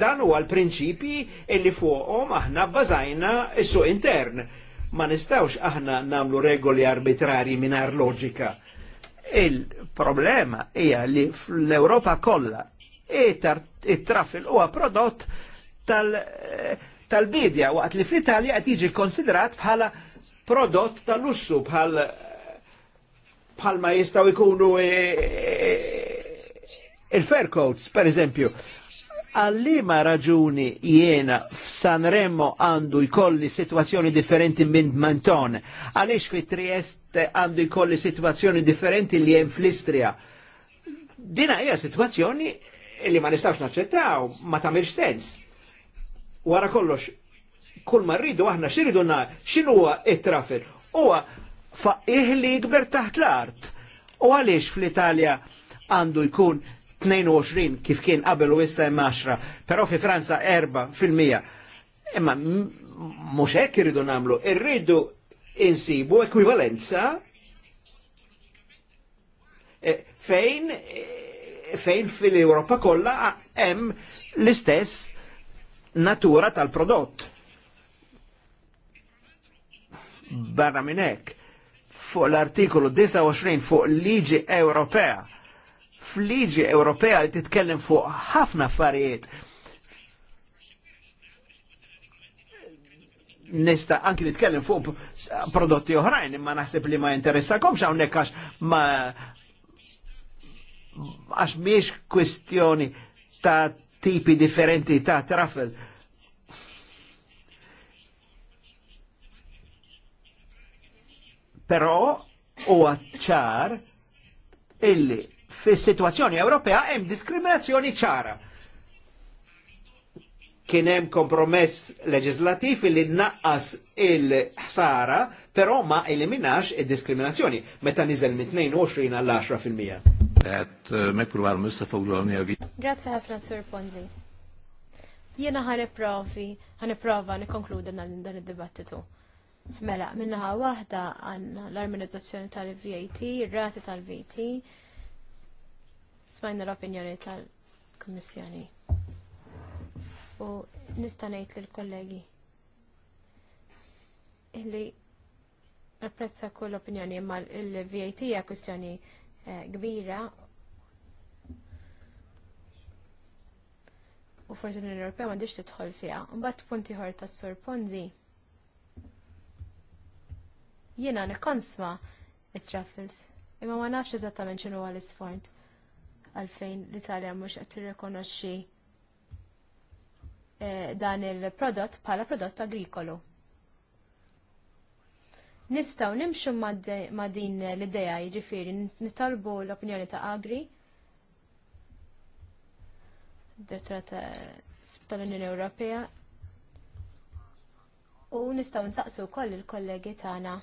dan huwa l prinċipi illi fuqhom aħna bbażajna s-suq intern Ma nistawx aħna namlu regoli arbitrari minar loġika. Il-problema hija li fl-Europa kollha it-traffil huwa prodott tal-bidja tal waqt li fl-Italja qed jiġi konsiderat bħala prodott tal-lussu bħal bħalma jistaw ikunu e, eh, e, eh, eh, il-fair coats, per eżempju għallima raġuni jiena f'Sanremo għandu jkolli situazzjoni differenti minn Manton, għaliex fi Trieste għandu jkolli situazzjoni differenti li jem fl-Istria. Dina hija situazzjoni li ma nistax naċċettaw, ma tamirx sens. Wara kollox, kull ma rridu aħna xirridu na xinu huwa it-trafil. Huwa faqih li jikber taħt l-art. U għaliex fl-Italja għandu jkun 22 kif kien qabel u issa hemm 10, però fi Franza 4 fil-mija. Imma mhux hekk irridu nagħmlu, irridu insibu ekwivalenza e, fejn e, fejn fil ewropa kollha hemm l-istess natura tal-prodott. Barra minn hekk, fuq l-artikolu 29 fuq liġi Ewropea fliġi Ewropea li titkellem fuq ħafna affarijiet. Nista anki nitkellem fuq prodotti oħrajn, imma naħseb li ma jinteressakomx hawnhekk għax ma għax miex kwistjoni ta' tipi differenti ta' trafel. Però u ċar illi fis-sitwazzjoni Ewropea hemm diskriminazzjoni ċara. Kien hemm kompromess leġislativ li naqqas il-ħsara, però ma eliminax id-diskriminazzjoni meta niżel minn 22 għall 10 fil-mija. Eh, Grazie ħafna Sur Ponzi. Jena ħaneprovi, ħaneprova nikonkluda dan id-dibattitu. Mela, minnaħa wahda għan l-armonizzazzjoni tal-VAT, ir-rati tal-VAT, smajna l-opinjoni tal-Kommissjoni. U nista' ngħid lill-kollegi illi napprezza kull opinjoni imma l vat hija kwistjoni eh, kbira u forsi l-Unjoni Ewropea m'għandix tidħol fiha. Mbagħad punti ħor tas-Sur Ponzi. Jiena nikkonsma it-truffles, imma ma nafx eżattament x'inhuwa l-isfond għalfejn l-Italja mhux qed tirrikonoxxi eh, dan il-prodott bħala prodott agrikolu. Nistaw nimxu ma' din l-ideja jiġifieri nitalbu l-opinjoni ta' Agri Direttorat tal-Unjoni Ewropea u nistaw nsaqsu koll il-kollegi tagħna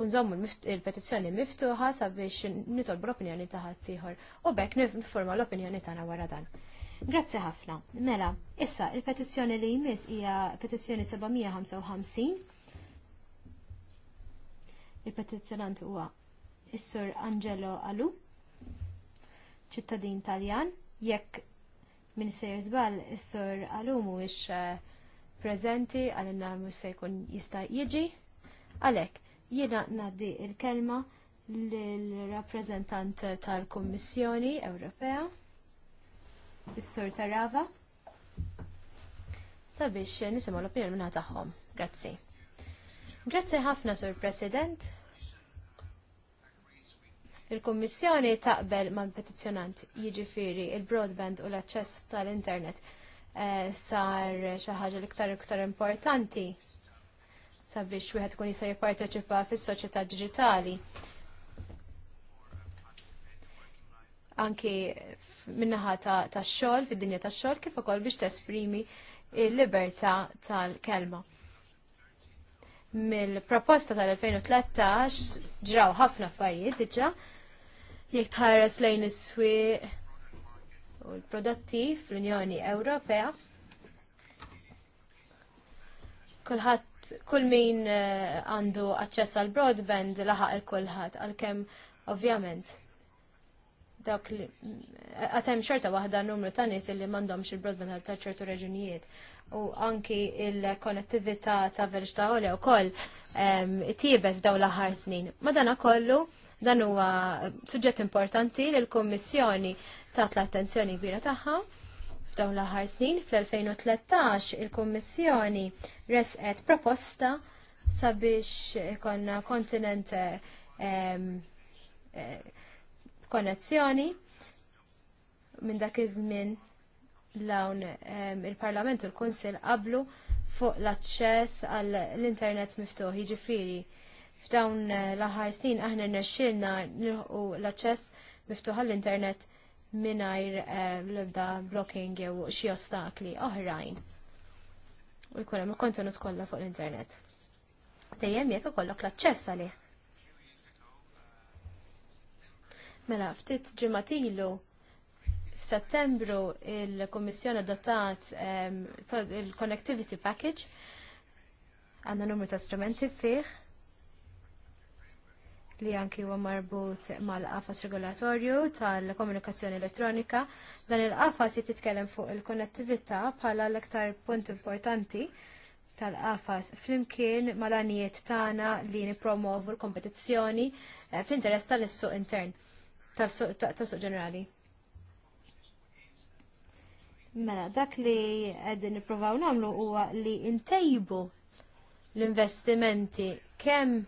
unżommu il-petizzjoni miftuħa sabiex nitolbu l-opinjoni ta' ħaddieħor u bekk nifforma l-opinjoni tagħna wara dan. Grazzi ħafna. Mela, issa il-petizzjoni li jmiss hija petizzjoni 755. Il-petizzjonant huwa is-Sur Angelo Alu, ċittadin Taljan, jekk minn sejr żball is-Sur Alu mhuwiex eh, preżenti għalinna mhux se jkun jista' jiġi. Għalhekk, Jiena ngħaddi l kelma lill-rappreżentant tal kummissjoni Ewropea, is-Sur Tarava, sabiex nisimu l-opinjoni minna tagħhom. Grazzi. Grazzi ħafna, Sur President. Il-Kummissjoni taqbel mal-petizzjonant jiġifieri l broadband u l-aċċess tal-Internet eh, sar xi ħaġa l-iktar iktar importanti sabiex wieħed kun jista' jipparteċipa fis-soċjetà diġitali. Anki minnaħa ta' xogħol, fid-dinja tax xogħol kif ukoll biex tesprimi l-libertà tal-kelma. Mill-proposta tal-2013 ġraw ħafna affarijiet diġà jekk tħares lejn is-swieq u l-prodotti fl-Unjoni Ewropea. Kulħadd kull min eh, għandu aċċess għal broadband laħaq il-kulħadd għalkemm ovvjament dak li għatem xorta waħda numru ta' nies li m'għandhomx il-broadband ta' ċertu reġunijiet u anki il-konnettività ta' verġta' għolja u koll ehm, tibet f'daw l-aħħar snin. Madana kollu dan huwa suġġett importanti li l-Kummissjoni tat l-attenzjoni kbira tagħha. F'dawn l-aħħar snin fl-2013 il-Kummissjoni resqet proposta sabiex ikonna kontinent eh, konnezzjoni minn dak iż-żmien lawn il-Parlament u l-Kunsil qablu fuq l-aċċess għall-internet miftuħ, jiġifieri f'dawn l-aħħar snin aħna nexxilna l-aċċess miftuħ għall-internet mingħajr eh, l-ebda blocking jew xi ostakli oħrajn. U jkunem il-kontenut kollha fuq l-internet. Dejjem jekk ikollok l-aċċess għalih. Mela ftit ġematilu, ilu f'Settembru il-Kummissjoni adottat ehm, il-Connectivity Package għandna numru ta' strumenti fih li anki huwa marbut mal-qafas regolatorju tal-komunikazzjoni elettronika. Dan il-qafas jitkellem fuq il-konnettività bħala l-aktar punt importanti tal-qafas flimkien mal-għanijiet tagħna li nippromovu l-kompetizzjoni eh, fl-interess tal-suq intern, tal-suq ġenerali. Mela, dak li qegħdin nippruvaw nagħmlu huwa li ntejbu l-investimenti kemm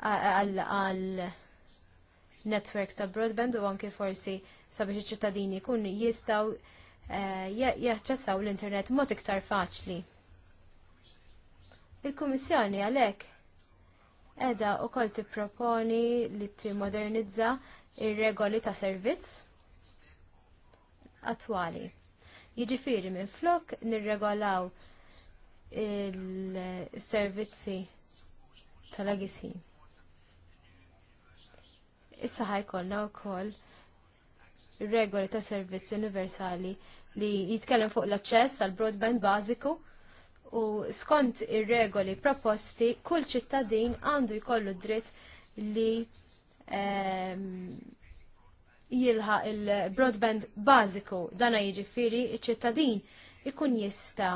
għal networks ta' broadband u anke forsi sabiex iċ-ċittadini kun jistaw eh, jaċċessaw l-internet mod iktar faċli. Il-Kummissjoni għalhekk edha wkoll tipproponi li t-modernizza ir-regoli ta' servizz attwali. Jiġifieri minflok nirregolaw il-servizzi tal-legacy Issa ħajkollna wkoll regoli ta' servizzi universali li jitkellem fuq l-aċċess għal broadband bażiku u skont ir-regoli proposti kull ċittadin għandu jkollu dritt li ehm, jilħa il-broadband bażiku dana jiġifieri ċittadin ikun jista'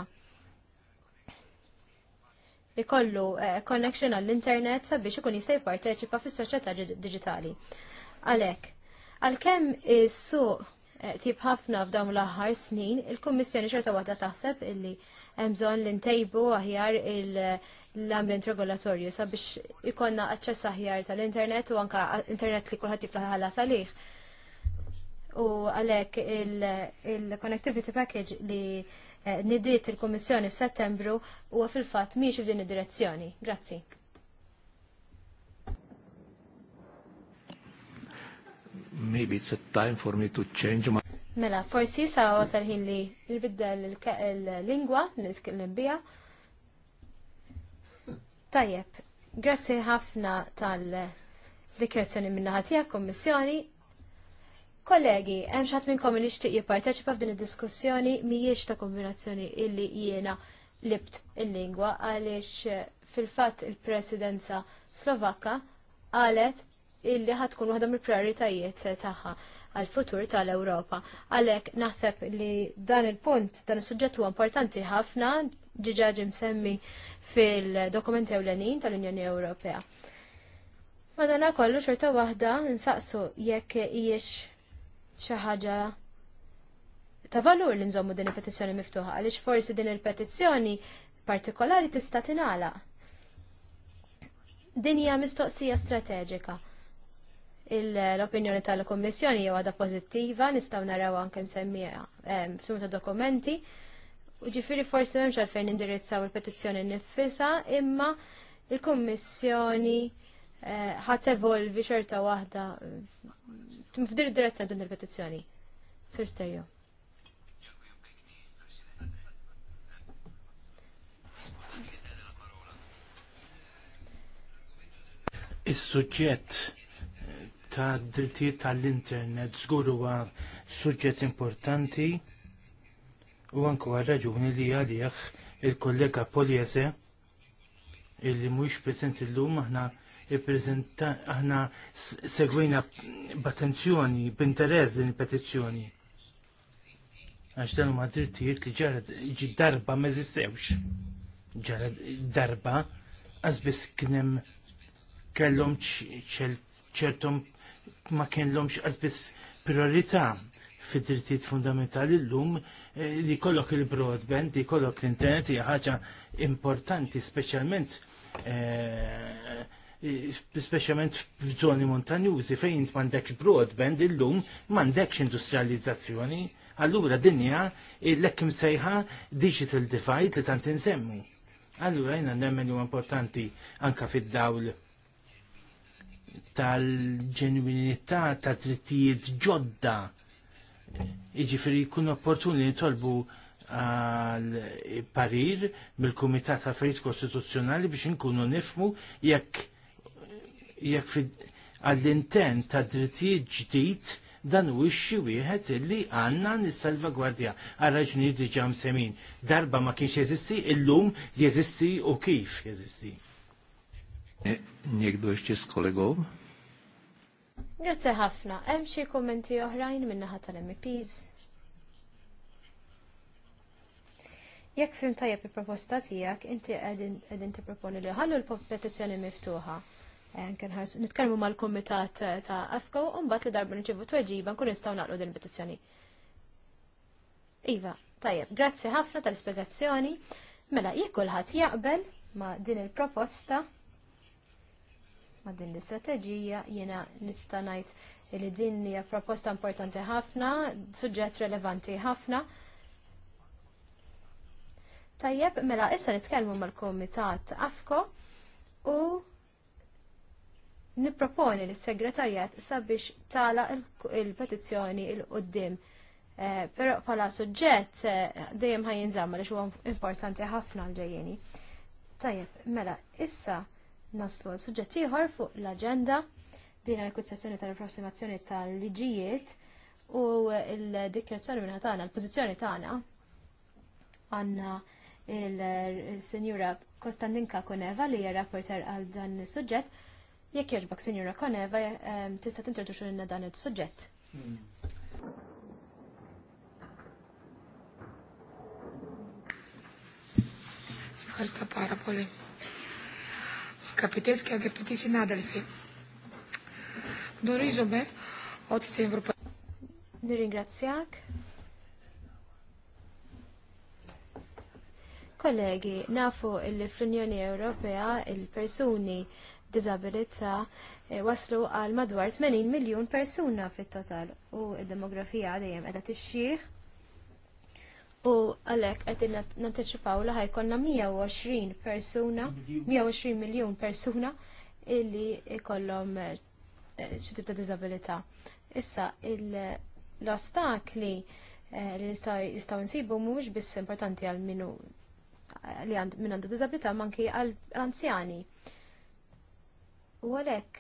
ikollu eh, connection għall-internet sabiex ikun jista' jipparteċipa fis-soċjetà digitali. Għalhekk, għalkemm is-suq eh, tib ħafna f'dawn l-aħħar snin, il-Kummissjoni xorta waħda taħseb illi hemm bżonn li ntejbu aħjar l-ambjent regolatorju sabiex ikonna aċċess aħjar tal-internet u anka internet li kulħadd jiflaħ ħalla salih. U għalhekk il-connectivity package li Eh, nidiet il-Komissjoni f'Settembru u fil-fatt miex f'din id-direzzjoni. Grazzi. Maybe it's a time for me to change my... Mela, forsi sa wasal ħin li l-bidda l lingwa li nitkellem biha. Tajjeb, grazzi ħafna tal-dikrazzjoni minna ħatija, kommissjoni, Kollegi, hemm xatt minnkom li xtieq jipparteċipa f'din id-diskussjoni mhijiex ta' kombinazzjoni illi jiena libt il-lingwa għaliex eh, fil-fatt il-presidenza Slovakka qalet illi ħatkun waħda mill-prioritajiet eh, tagħha għal-futur tal-Ewropa. Għalhekk naħseb li dan il-punt, dan is-suġġett huwa importanti ħafna ġiġaġi msemmi fil-dokumenti ewlenin tal-Unjoni Ewropea. Madana kollu xorta waħda nsaqsu jekk jiex xi ħaġa ta' valur li nżommu din il-petizzjoni miftuħa għaliex forsi din il-petizzjoni partikolari tista' tingħala. Din hija mistoqsija strateġika. L-opinjoni tal-Kommissjoni jew għadha pożittiva, nistgħu naraw anke msemmija ehm, f'sum ta' dokumenti. Ġifieri forsi m'hemmx għalfejn indirizzaw il-petizzjoni nifisa, imma il-Kummissjoni ħat evolvi xorta waħda f'dir direzzjoni din il-petizzjoni. Sir Stereo. Is-suġġett eh, ta' drittijiet tal-internet żgur huwa suġġett importanti u anke raġuni li għalih il-kollega Poljese illi mhuwiex preżenti llum aħna aħna segwina b'attenzjoni, b'interess din il-petizzjoni. Għax dan huma drittijiet li ġara ġi darba ma eżistewx. Ġara darba kien hemm kellhom ċertom ma kellhomx biss priorità fid-drittijiet fundamentali l-lum eh, li kollok il-broadband, li kollok l-internet, hija ħaġa importanti, speċjalment eh, specialment f'żoni montanjużi fejn int m'għandekx broadband illum m'għandekx industrializzazzjoni, allura dinja l-ekk msejħa digital divide li tant insemmu. Allura jina nemmen huwa importanti anka fid-dawl tal-ġenwinità ta' drittijiet ġodda. Jiġifieri jkun opportuni nitolbu għal parir mill-Kumitat Affarijiet Kostituzzjonali biex inkunu nifmu jekk jekk għall-intent ta' drittijiet ġdid dan u xi wieħed illi għandna nissalvagwardja għal raġunijiet diġà msemmin. Darba ma kienx jeżisti, illum jeżisti u kif jeżisti. E, Niekdu xċis kollegov? Grazie ħafna. Hemm xi kummenti oħrajn min-naħa tal-MPs. Jekk fim tajjeb il-proposta tiegħek, inti qegħdin tipproponi li ħallu l-petizzjoni miftuħa nitkellmu mal-Kumitat eh, ta' Afko u mbagħad li darba nċivu tweġiba nkun nistaw naqlu din petizzjoni. Iva, tajjeb, grazzi ħafna tal-ispjegazzjoni. Mela jekkul kulħadd jaqbel ma' din il-proposta ma' din l-istrateġija jiena nista' ngħid li din hija proposta importanti ħafna, suġġett relevanti ħafna. Tajjeb, mela issa nitkellmu mal-Kumitat Afko u Nipproponi lis segretarjat sabiex tala il-petizzjoni il qudiem eh, però bħala suġġett eh, dejjem ħajin zamma li huwa importanti ħafna l ġajjeni Tajjeb, mela, issa naslu suġġett ieħor fuq l-aġenda din l-kutazzjoni tal-approssimazzjoni tal-liġijiet u l-dikjazzjoni minna tagħna, l-pożizzjoni tagħna għanna il-Sinjura Kostandinka Koneva li hija rapporter għal dan is-suġġett Jekk jogħġbok, Sinjura Koneva, ehm, tista' tintroduċu lilna dan il-suġġett. Ευχαριστώ πάρα πολύ. Αγαπητές και αγαπητοί συνάδελφοι, γνωρίζομαι ότι στην Ευρωπαϊκή... Nirringrazzjak. Kollegi, nafu il-Frunjoni Ewropea il-persuni disabilità eh, waslu għal madwar 80 miljun persuna fit-total u d-demografija dejjem qiegħda tixxieħ. U għalhekk qed nanteċipaw li ħajkonna 120 persuna, 120 miljun persuna illi jkollhom eh, xi tip ta' diżabilità. Issa l-ostakli eh, li jistgħu nsibu mhumiex biss importanti għal minu li għandu diżabilità manki għal anzjani. U għalhekk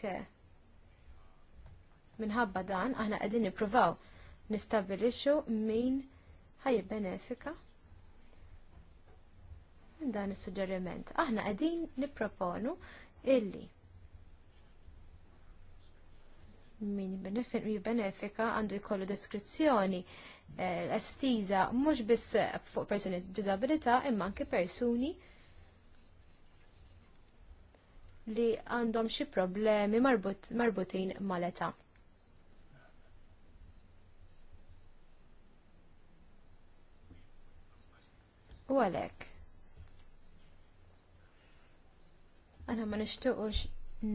minħabba dan aħna qegħdin nippruvaw nistabilixxu min ħaj benefika minn dan is-suġġeriment. Aħna qegħdin nipproponu illi min jibbenefika għandu jkollu deskrizzjoni l-estiza eh, mhux biss fuq persuni b'diżabilità imma ki persuni li għandhom xi problemi marbutin mal-età. U għalhekk. Aħna ma nixtiequx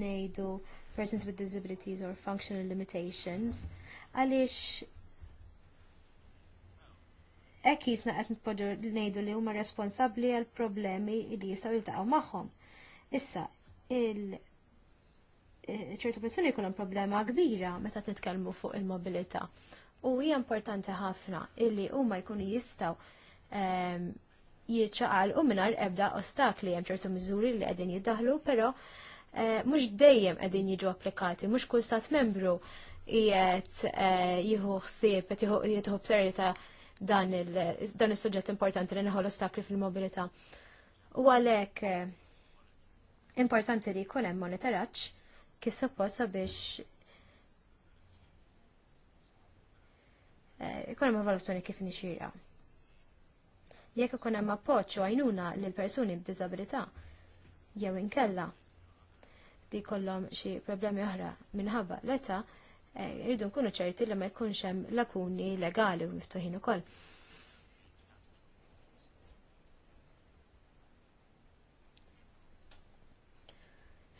ngħidu persons with disabilities or functional limitations għaliex hekk jisna qed nitpoġġu ngħidu li huma responsabbli għal problemi li jistgħu jiltaqgħu magħhom. Issa, il- eh, ċertu persuni jkunu problema kbira meta titkellmu fuq il-mobilità. U hija importanti ħafna illi huma jkunu jistgħu ehm, jiċċaqal u minar ebda ostakli hemm ċertu miżuri li qegħdin jiddaħlu, però eh, mhux dejjem qegħdin jiġu applikati, mhux kull stat membru qiegħed eh, jieħu ħsieb qed jieħu b'serjetà dan is-suġġett importanti li neħol ostakli fil-mobilità. U għalhekk Importanti li kolem hemm monitoraġġ kif supposta biex ikun eh, hemm valutoni kif nixira. Jekk ikun hemm appoġġ u għajnuna lil persuni b'diżabilità jew inkella li jkollhom xi problemi oħra minħabba l-età, eh, irridu nkunu ċerti li ma jkunx hemm lakuni legali u miftuħin ukoll.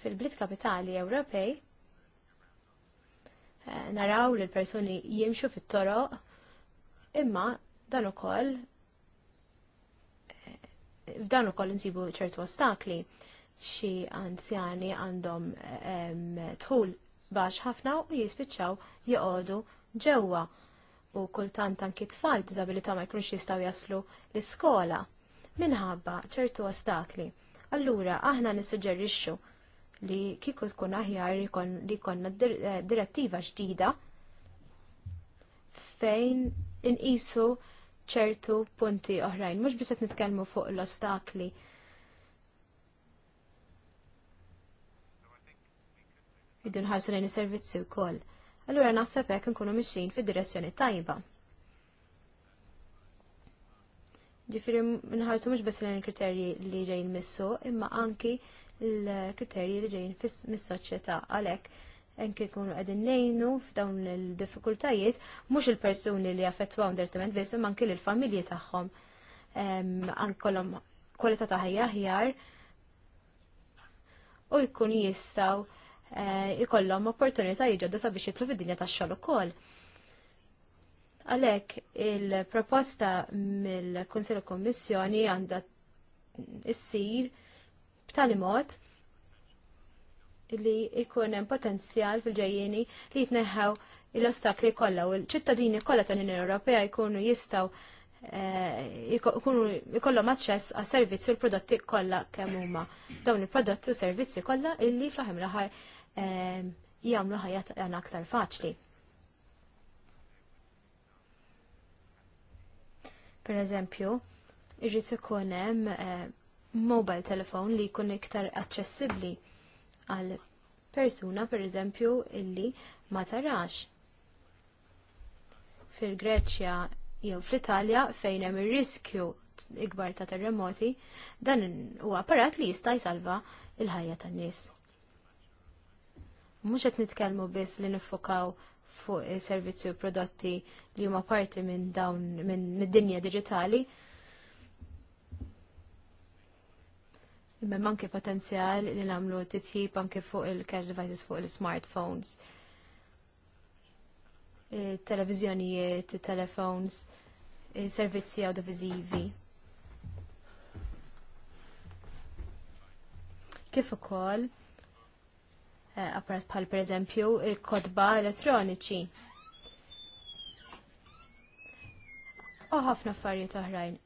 fil-blit kapitali Ewropej eh, naraw li l-persuni jimxu fit-toroq imma dan ukoll f'dan eh, ukoll insibu ċertu ostakli xi anzjani għandhom tħul baxx ħafna u jispiċċaw joqogħdu ġewwa u kultant anki tfal b'diżabilità ma jkunx jistgħu jaslu l-iskola minħabba ċertu ostakli. Allura aħna nissuġġerixxu li kieku tkun aħjar li konna eh, direttiva ġdida fejn inqisu ċertu punti oħrajn, mhux biset nitkellmu fuq l-ostakli. Idun nħarsu lejn is-servizzi wkoll. Allura naħseb hekk nkunu mixin fid-direzzjoni tajba. Ġifieri nħarsu mhux biss lejn il-kriterji li ġej missu, imma anki l-kriterji li ġejjin mis-soċjetà għalhekk enki kunu għedin nejnu f'dawn il-diffikultajiet, mux il-personi li jaffettwaw direttament biss, ma anki l-familji tagħhom. Ankollhom kwalità ta' ħajja ħjar u jkun jistaw ikollhom e, opportunitajiet ġodda sabiex jitlu fid-dinja tax-xogħol ukoll. Għalhekk il-proposta mill-Kunsill u Kummissjoni għandha ssir b'tali mod li jkun hemm potenzjal fil-ġejjieni li jitneħħew l-ostakli kollha u l-ċittadini kollha tal-Unjoni Ewropea jkunu jistgħu eh, jkunu jkollhom aċċess għas servizzi u l-prodotti kollha kemm huma dawn il-prodotti u servizzi kollha illi fl-aħħar l-aħħar eh, jagħmlu tagħna aktar faċli. Per eżempju, irrid ikun hemm eh, mobile telephone li jkun iktar aċċessibbli għal persuna pereżempju illi ma tarax. Fil-Greċja jew fl-Italja fejn hemm ir-riskju ikbar ta' terremoti, dan huwa apparat li jista' jsalva l ħajja tan-nies. Mhux qed nitkellmu biss li niffokaw fuq is servizzi u prodotti li huma parti minn dawn minn mid-dinja diġitali, imma manki potenzjal li namlu titjib anki fuq il-care devices fuq il-smartphones. Televizjonijiet, telefons, servizzi audiovisivi. Kif ukoll eh, apparat bħal pereżempju il-kodba elettroniċi. U ħafna affarijiet oħrajn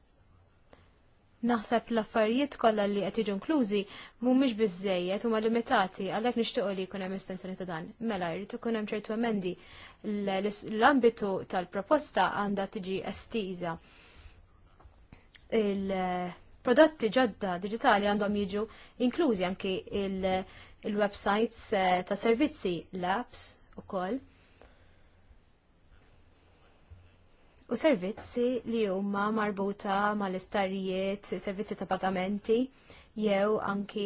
Naħseb l-affarijiet kollha li qed jiġu inklużi mhumiex biżejjed huma limitati għalhekk nixtiequ li jkun hemm estensjoni ta' dan. Mela jrid ikun hemm ċertu emendi l-ambitu tal-proposta għandha tiġi estiża. Il-prodotti ġodda diġitali għandhom jiġu inklużi anki il-websites eh, ta' servizzi, l-apps ukoll. u servizzi li huma marbuta mal-istarijiet, servizzi ta' pagamenti jew anki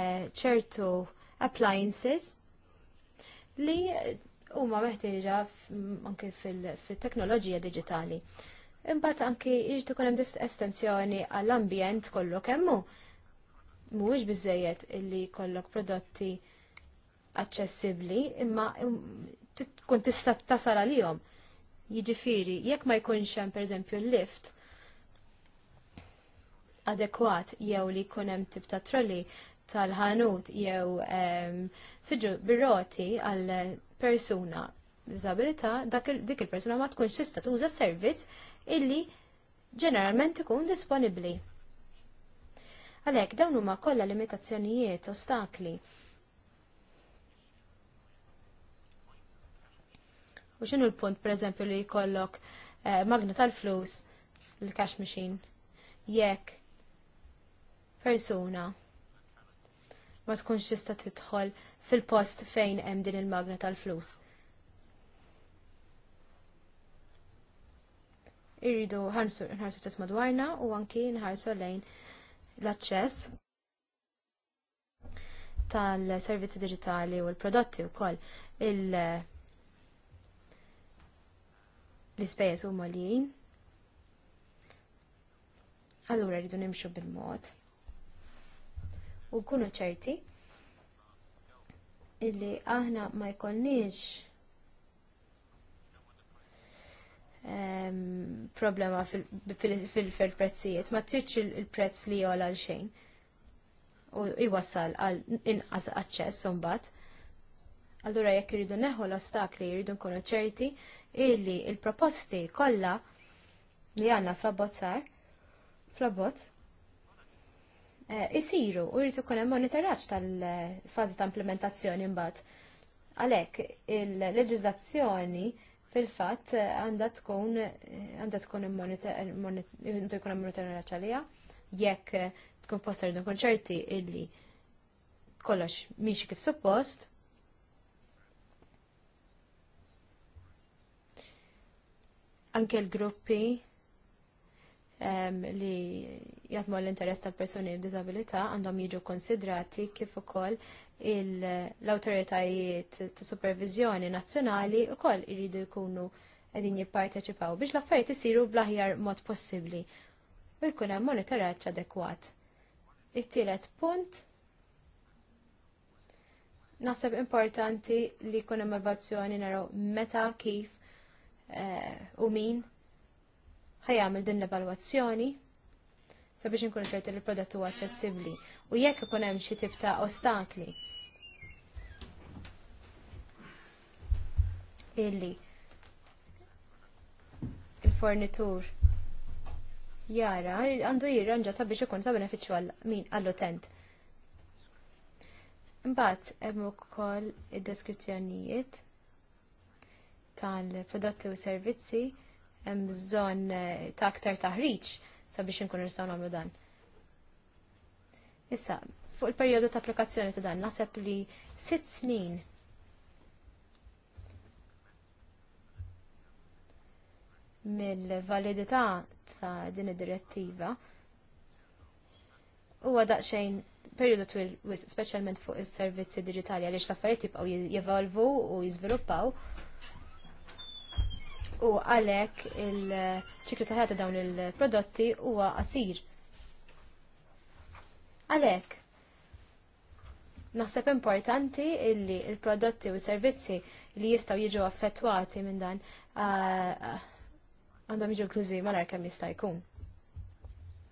eh, ċertu uh, appliances li huma meħtieġa anki fil-teknoloġija digitali. Imbagħad anki jrid ikun hemm estensjoni għall-ambjent kollu kemm hu mhuwiex biżejjed illi jkollok prodotti aċċessibbli imma um, tkun tista' tasal għalihom. Jiġifieri, jekk ma jkunx hemm pereżempju lift adekwat jew li jkun hemm tip ta' trolli tal-ħanut jew ehm, siġu birroti għal persuna b'diżabilità, dik il-persuna ma tkunx tista' tuża servizz illi ġeneralment ikun disponibbli. Għalhekk dawn huma kollha limitazzjonijiet, ostakli U xinu l-punt, per eżempju, li jkollok eh, magna tal-flus, l-cash machine, jekk persuna ma tkunx tista' tidħol fil-post fejn hemm din il-magna tal-flus. Irridu ħarsu tit madwarna u anki nħarsu lejn l-aċċess tal-servizzi digitali u l-prodotti wkoll il- l-ispejjeż huma għalijin. Allura rridu nimxu bil-mod. U kunu ċerti illi aħna ma jkollniex ehm, problema fil-fer prezzijiet, ma tridx il-prezz li jgħol għal xejn u jwassal għal inqas aċċess mbagħad. Allura jekk iridu neħu l-ostakli jridu nkunu ċerti illi il-proposti kollha li għandna fl-abbozzar, fl-abbozz, eh, isiru u jrid ikun hemm tal-fażi ta' implementazzjoni mbagħad. Għalhekk il-leġiżlazzjoni fil-fatt għandha tkun għandha tkun monitoraċ għalija jekk tkun poster konċerti illi kollox miexi kif suppost, anke l-gruppi li jatmu l-interess tal-persuni b'disabilità għandhom jiġu konsidrati kif ukoll l-autoritajiet ta' supervizjoni nazzjonali koll iridu jkunu qegħdin jipparteċipaw biex l-affarijiet isiru bl-aħjar mod possibbli u jkun hemm monitoraġġ adekwat. It-tielet punt naħseb importanti li jkun hemm naraw meta kif Eh, u min ħajamil din l-evalwazzjoni sabiex nkunu ċerti li l-prodott huwa aċċessibbli u jekk ikun hemm xi tip ta' ostakli illi il-fornitur jara għandu jirranġa sabiex ikun ta' benefiċċju għal min għall-utent. Imbagħad hemm ukoll id-deskrizzjonijiet tal-prodotti u servizzi hemm bżonn eh, ta' aktar taħriġ sabiex inkunu nistgħu nagħmlu dan. Issa, fuq il-perjodu ta' applikazzjoni ta' dan naħseb li sitt snin mill-validità ta' din id-direttiva huwa daqsxejn periodu twil, specialment fuq is servizzi digitali, għaliex l-affarijiet jibqgħu jevolvu u jiżviluppaw u għalhekk il-ċiklu ta' ħata dawn il-prodotti huwa qasir. Għalhekk naħseb importanti illi il-prodotti u s-servizzi li jistgħu jiġu affettwati minn dan għandhom jiġu kluzi malar kemm jista' jkun.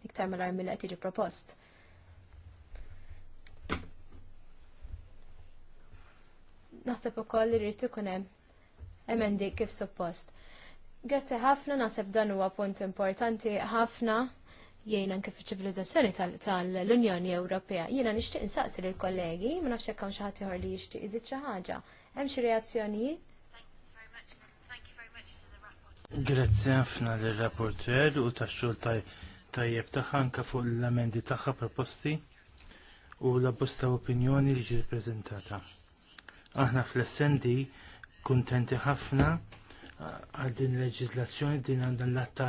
Iktar malar mill qed jiġi propost. naħseb ukoll li rritu ikun hemm emendi kif suppost. Grazzi ħafna naħseb dan huwa punt importanti ħafna jiena kif fiċ-ċivilizzazzjoni tal-Unjoni Ewropea. Jiena nixtieq insaqsi lill kollegi ma nafx hekk hawn xi ħadd ieħor li jixtieq iżid xi ħaġa. Hemm xi reazzjonijiet? Grazzi ħafna lir-rapporter u tax-xogħol tajjeb tagħha anke fuq l-amendi tagħha proposti u l bosta opinjoni li ġiet preżentata. Aħna fl-essendi kuntenti ħafna għal din leġizlazzjoni din għandha l-atta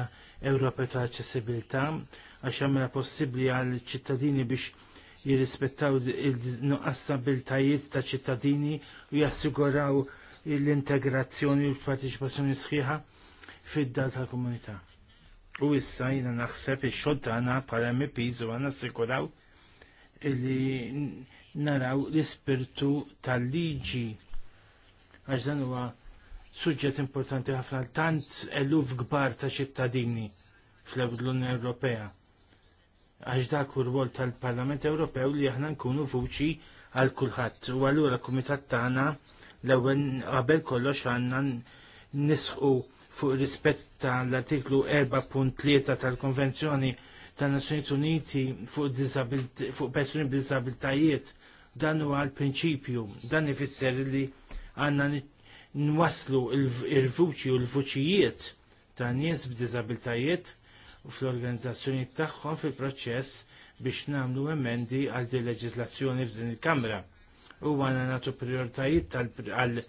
Ewropa ta' aċċessibilità għax jagħmilha possibbli għal ċittadini biex jirrispettaw il-nuqqas stabiltajiet ta' ċittadini u jassiguraw l-integrazzjoni u l-partiċipazzjoni sħiħa fid-dal tal-komunità. U issa jina naħseb il-xod tagħna bħala MPs u għana assikuraw li naraw l-ispirtu tal-liġi għax dan huwa suġġett importanti ħafna tant eluf gbar ta' ċittadini fl-Unjoni Ewropea. Għax dak u rwol tal-Parlament Ewropew li aħna nkunu vuċi għal kulħadd. U allura kumitat tagħna l-ewwel qabel kollox għandna nisħu fuq rispett tal-artiklu 4.3 tal-Konvenzjoni tan-Nazzjonijiet Uniti fuq, fuq persuni b'diżabiltajiet dan huwa l-prinċipju, dan ifisser li għandna nwaslu il-vuċi u l-vuċijiet ta' nies b'diżabiltajiet u fl-organizzazzjoni tagħhom fil-proċess biex nagħmlu emendi għal din leġiżlazzjoni f'din il-Kamra. U għana natu prioritajiet għal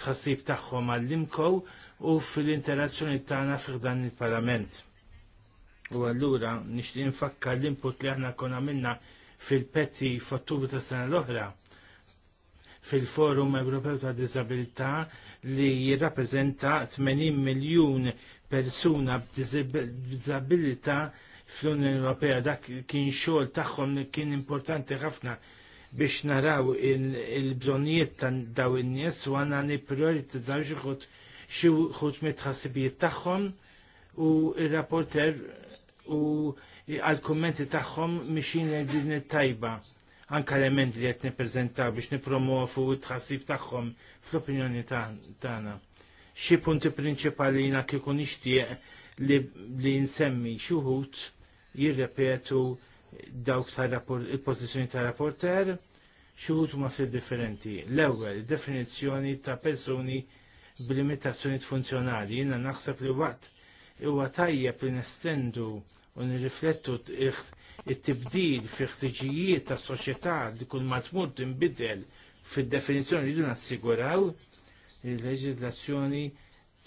tħassib tagħhom għal imkow u fil-interazzjoni tagħna f'dan il-Parlament. U allura nixtieq nfakkar l-input li aħna konna minna fil petti f'Ottubru ta' sena l-oħra fil-Forum Ewropew ta' Disabilità li jirrappreżenta 80 miljun persuna b'disabilità fl-Unjoni Ewropea. Dak kien xogħol tagħhom kien importanti ħafna biex naraw il-bżonnijiet ta' daw in-nies u għandna nipprioritizzaw xi ħut xi ħut mitħassibijiet tagħhom u r-rapporter u għal kommenti tagħhom mixin din it-tajba anka l-emendi li qed nippreżentaw biex nipromofu t-tħassib tagħhom fl-opinjoni tagħna. Xi punti prinċipali jiena kieku nixtieq li, li nsemmi xi wħud jirrepetu dawk il-pożizzjoni ta' rapporter xi wħud huma fil differenti. L-ewwel definizzjoni ta' persuni b'limitazzjonijiet funzjonali. Jiena naħseb li waqt huwa tajjeb li nestendu u nirriflettu it-tibdil fi ħtiġijiet tas soċjetà li kull ma tmur tinbidel fid-definizzjoni li dun assiguraw il-leġislazzjoni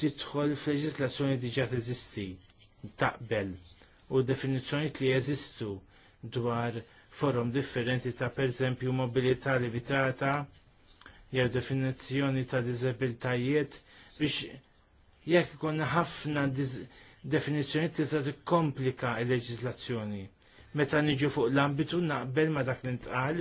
tidħol f'leġislazzjoni diġà teżisti taqbel u definizzjonijiet li jeżistu dwar forum differenti ta' pereżempju mobilità limitata jew definizzjoni ta' diżabiltajiet biex jekk ikun ħafna definizzjoni tista' tikkomplika l-leġiżlazzjoni meta niġu fuq l-ambitu naqbel ma dak li ntqal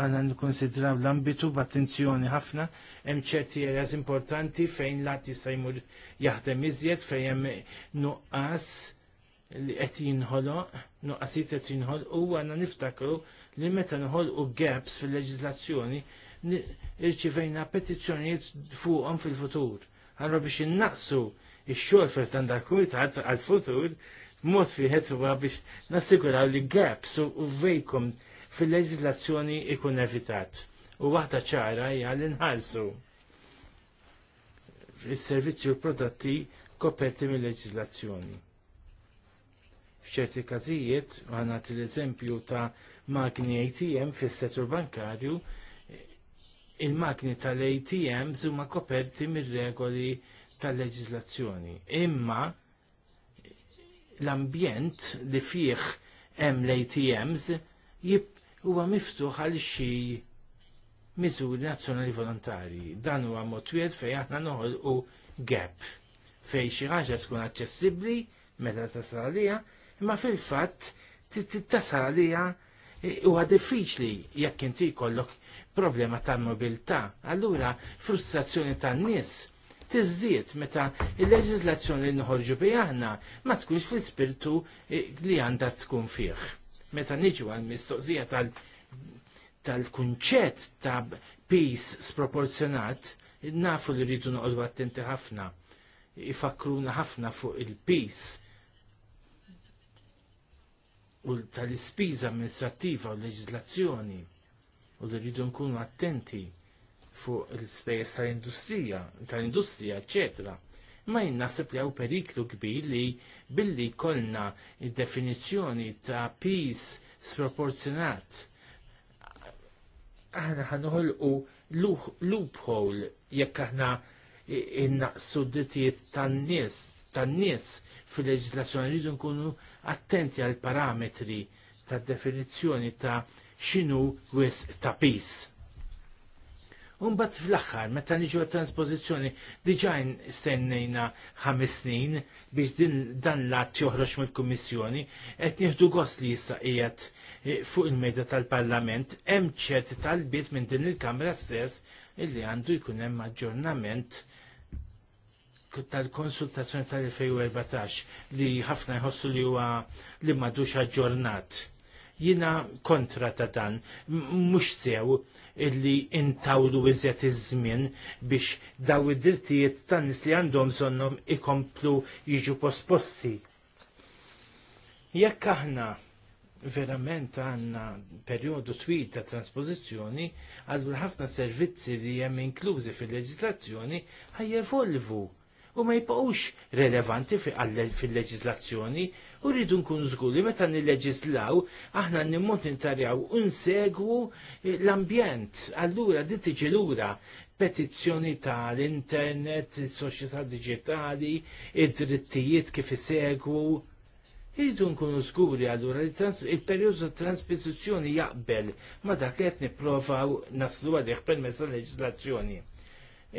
għanna nikonsidraw l-ambitu b'attenzjoni ħafna hemm ċerti areas importanti fejn lat jista' jmur jaħdem iżjed fejn hemm nuqqas li qed jinħoloq, nuqqasijiet qed jinħolqu u għandna niftakru li meta nħolqu gaps fil-leġiżlazzjoni irċivejna petizzjonijiet fuqhom fil-futur. Għarra biex innaqsu ix-xogħol fil-tanda għal-futur mod fiħet huwa biex nassikuraw li gaps u vejkom fil-leġislazzjoni ikun evitat. U waħda ċara hija li nħallsu is-servizzi u prodotti koperti mill-leġislazzjoni. F'ċerti każijiet, għanat l-eżempju ta' makni ATM fis-settur bankarju, il-makni tal-ATM zuma koperti mir-regoli tal-leġislazzjoni. Imma l-ambjent li fih hemm l-ATMs huwa miftuħ għal xi miżuri nazzjonali volontari. Dan huwa mod wieħed fejn aħna noħolqu gap fejn xi ħaġa tkun aċċessibbli meta tasal għalija, imma fil-fatt tasal għalija e, huwa diffiċli jekk inti jkollok problema tal mobilità. Allura frustrazzjoni tan-nies tizdiet meta il leġizlazzjoni li nħorġu bi aħna ma tkunx fl-ispirtu eh, li għandha tkun fih. Meta niġu għal mistoqsija tal-kunċett ta' peace sproporzjonat, nafu li rridu noqogħdu attenti ħafna. Ifakruna ħafna fuq il peace u tal-ispiża amministrattiva u leġiżlazzjoni u li rridu nkunu attenti fuq l-ispejjeż tal-industrija, tal-industrija, eċetera. Ma jinnaħseb li hawn periklu kbir li billi kolna id-definizzjoni ta' peace sproporzjonat aħna u loophole jekk aħna innaqsu d-dittijiet tan-nies tan-nies fil-leġislazzjoni rridu nkunu attenti għal parametri tad definizzjoni ta' xinu wis ta' peace Umbat fl-axħar, meta niġu għat-transpozizjoni, diġajn stennejna ħames snin biex din dan l-att joħroġ mill-Kummissjoni, qed nieħdu gost li issa qiegħed e, fuq il-mejda tal-Parlament hemm ċerti talbiet minn din il-Kamra stess illi għandu jkun hemm aġġornament tal-konsultazzjoni tal-2014 li ħafna jħossu li huwa li m'għadux aġġornat Jina kontra ta' dan, mux sew illi intawlu iżjed iż-żmien biex daw id-drittijiet tan-nies li għandhom sonnom ikomplu jiġu posposti. Jekk aħna verament għanna periodu twil ta' transpożizzjoni, għallur ħafna servizzi li hemm inklużi fil-leġislazzjoni ħajjevolvu u ma jibqgħux relevanti fil-leġislazzjoni U rridu nkun żguri meta nilleġislaw aħna nimmont nintarjaw u nsegwu l-ambjent. Allura dik tiġi lura petizzjoni tal-internet, soċjetà digitali, id-drittijiet kif isegwu. Irridu nkunu żguri allura li il-perjodu transposizjoni jaqbel ma dak qed nipprovaw naslu għalih permezz tal-leġislazzjoni.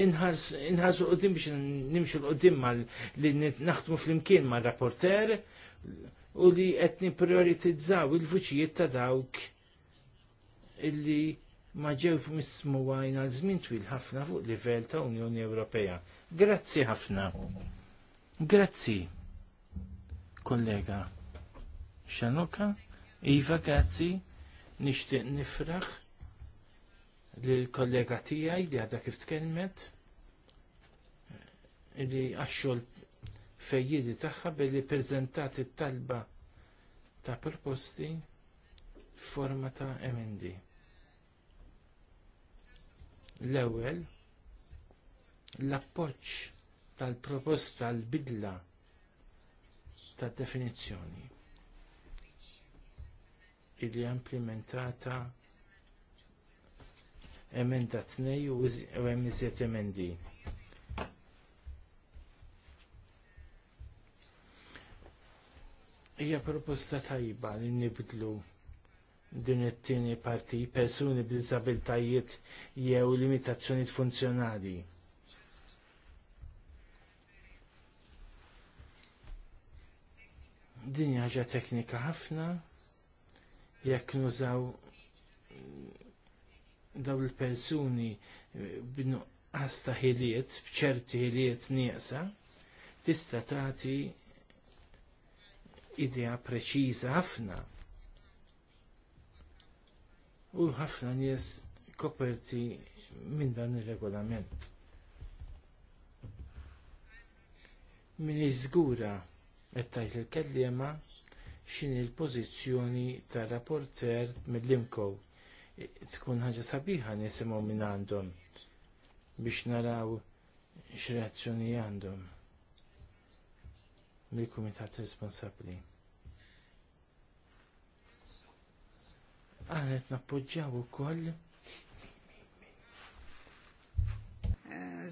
Inħarsu qudiem biex nimxu l-qudiem li naħdmu fl-imkien ma' rapporter u li qed prioritizzaw il-vuċijiet ta' dawk illi ma ġew mismu għajna l-żmin twil ħafna fuq livell ta' Unjoni Ewropea. Grazzi ħafna. Grazzi, kollega. Xanoka, Iva, grazzi, nixtieq nifraħ l kollega tiegħi li għadha kif tkellmet li għaxxol fejjidi tagħha billi preżentat talba ta' proposti f'forma ta' MND. L-ewwel l-appoġġ tal-proposta l-bidla tad definizzjoni illi implementata emenda 2 u emizjet emendi. Hija proposta tajba li nibdlu din it-tieni parti persuni b'diżabiltajiet jew limitazzjonijiet funzjonali. Din ħaġa teknika ħafna jekk nużaw daw il-persuni b'nuqqas ta' ħiliet, b'ċerti ħiliet nieqsa, tista' tagħti idea preċiża ħafna. U ħafna nies koperti minn dan ir-regolament. Min iżgura qed tajt il-kellima x'in il-pożizzjoni tar-rapporter mill-imkow tkun ħaġa sabiħa nisimgħu minn għandhom biex naraw x'reazzjoni għandhom mill-kumitat responsabbli. Għanet u koll.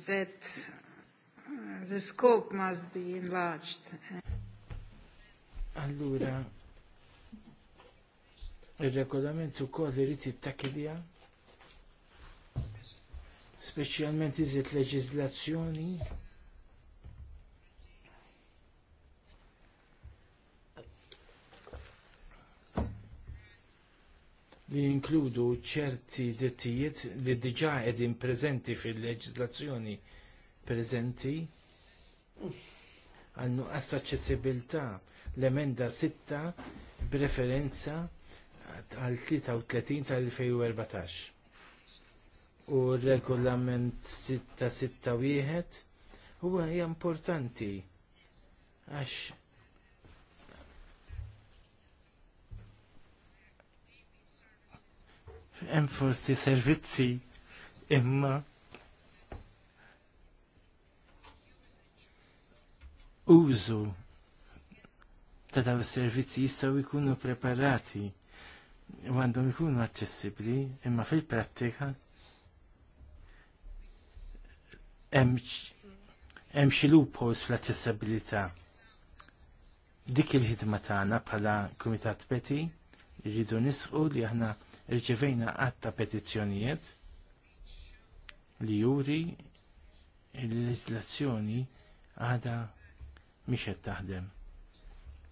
that uh, the scope must be enlarged. Allura, il-regolament u koll rriti t-takidija, specialment iżet leġizlazzjoni li jinkludu ċerti dettijiet li diġà qegħdin preżenti fil-leġiżlazzjoni preżenti għannu għasta ċessibilta l-emenda 6 b'referenza għal 33 tal-2014 u regolament 661 huwa hija importanti għax hemm forsi servizzi imma użu ta' daw servizzi jistgħu jkunu preparati u għandhom ikunu aċċessibbli imma fil-prattika hemm xi loopholes fl-aċċessibilità. Dik il-ħidma tagħna bħala Kumitat Peti jridu nisqu li aħna Irċivejna għatta petizzjonijiet li juri il-leżlazzjoni għada miex qed taħdem.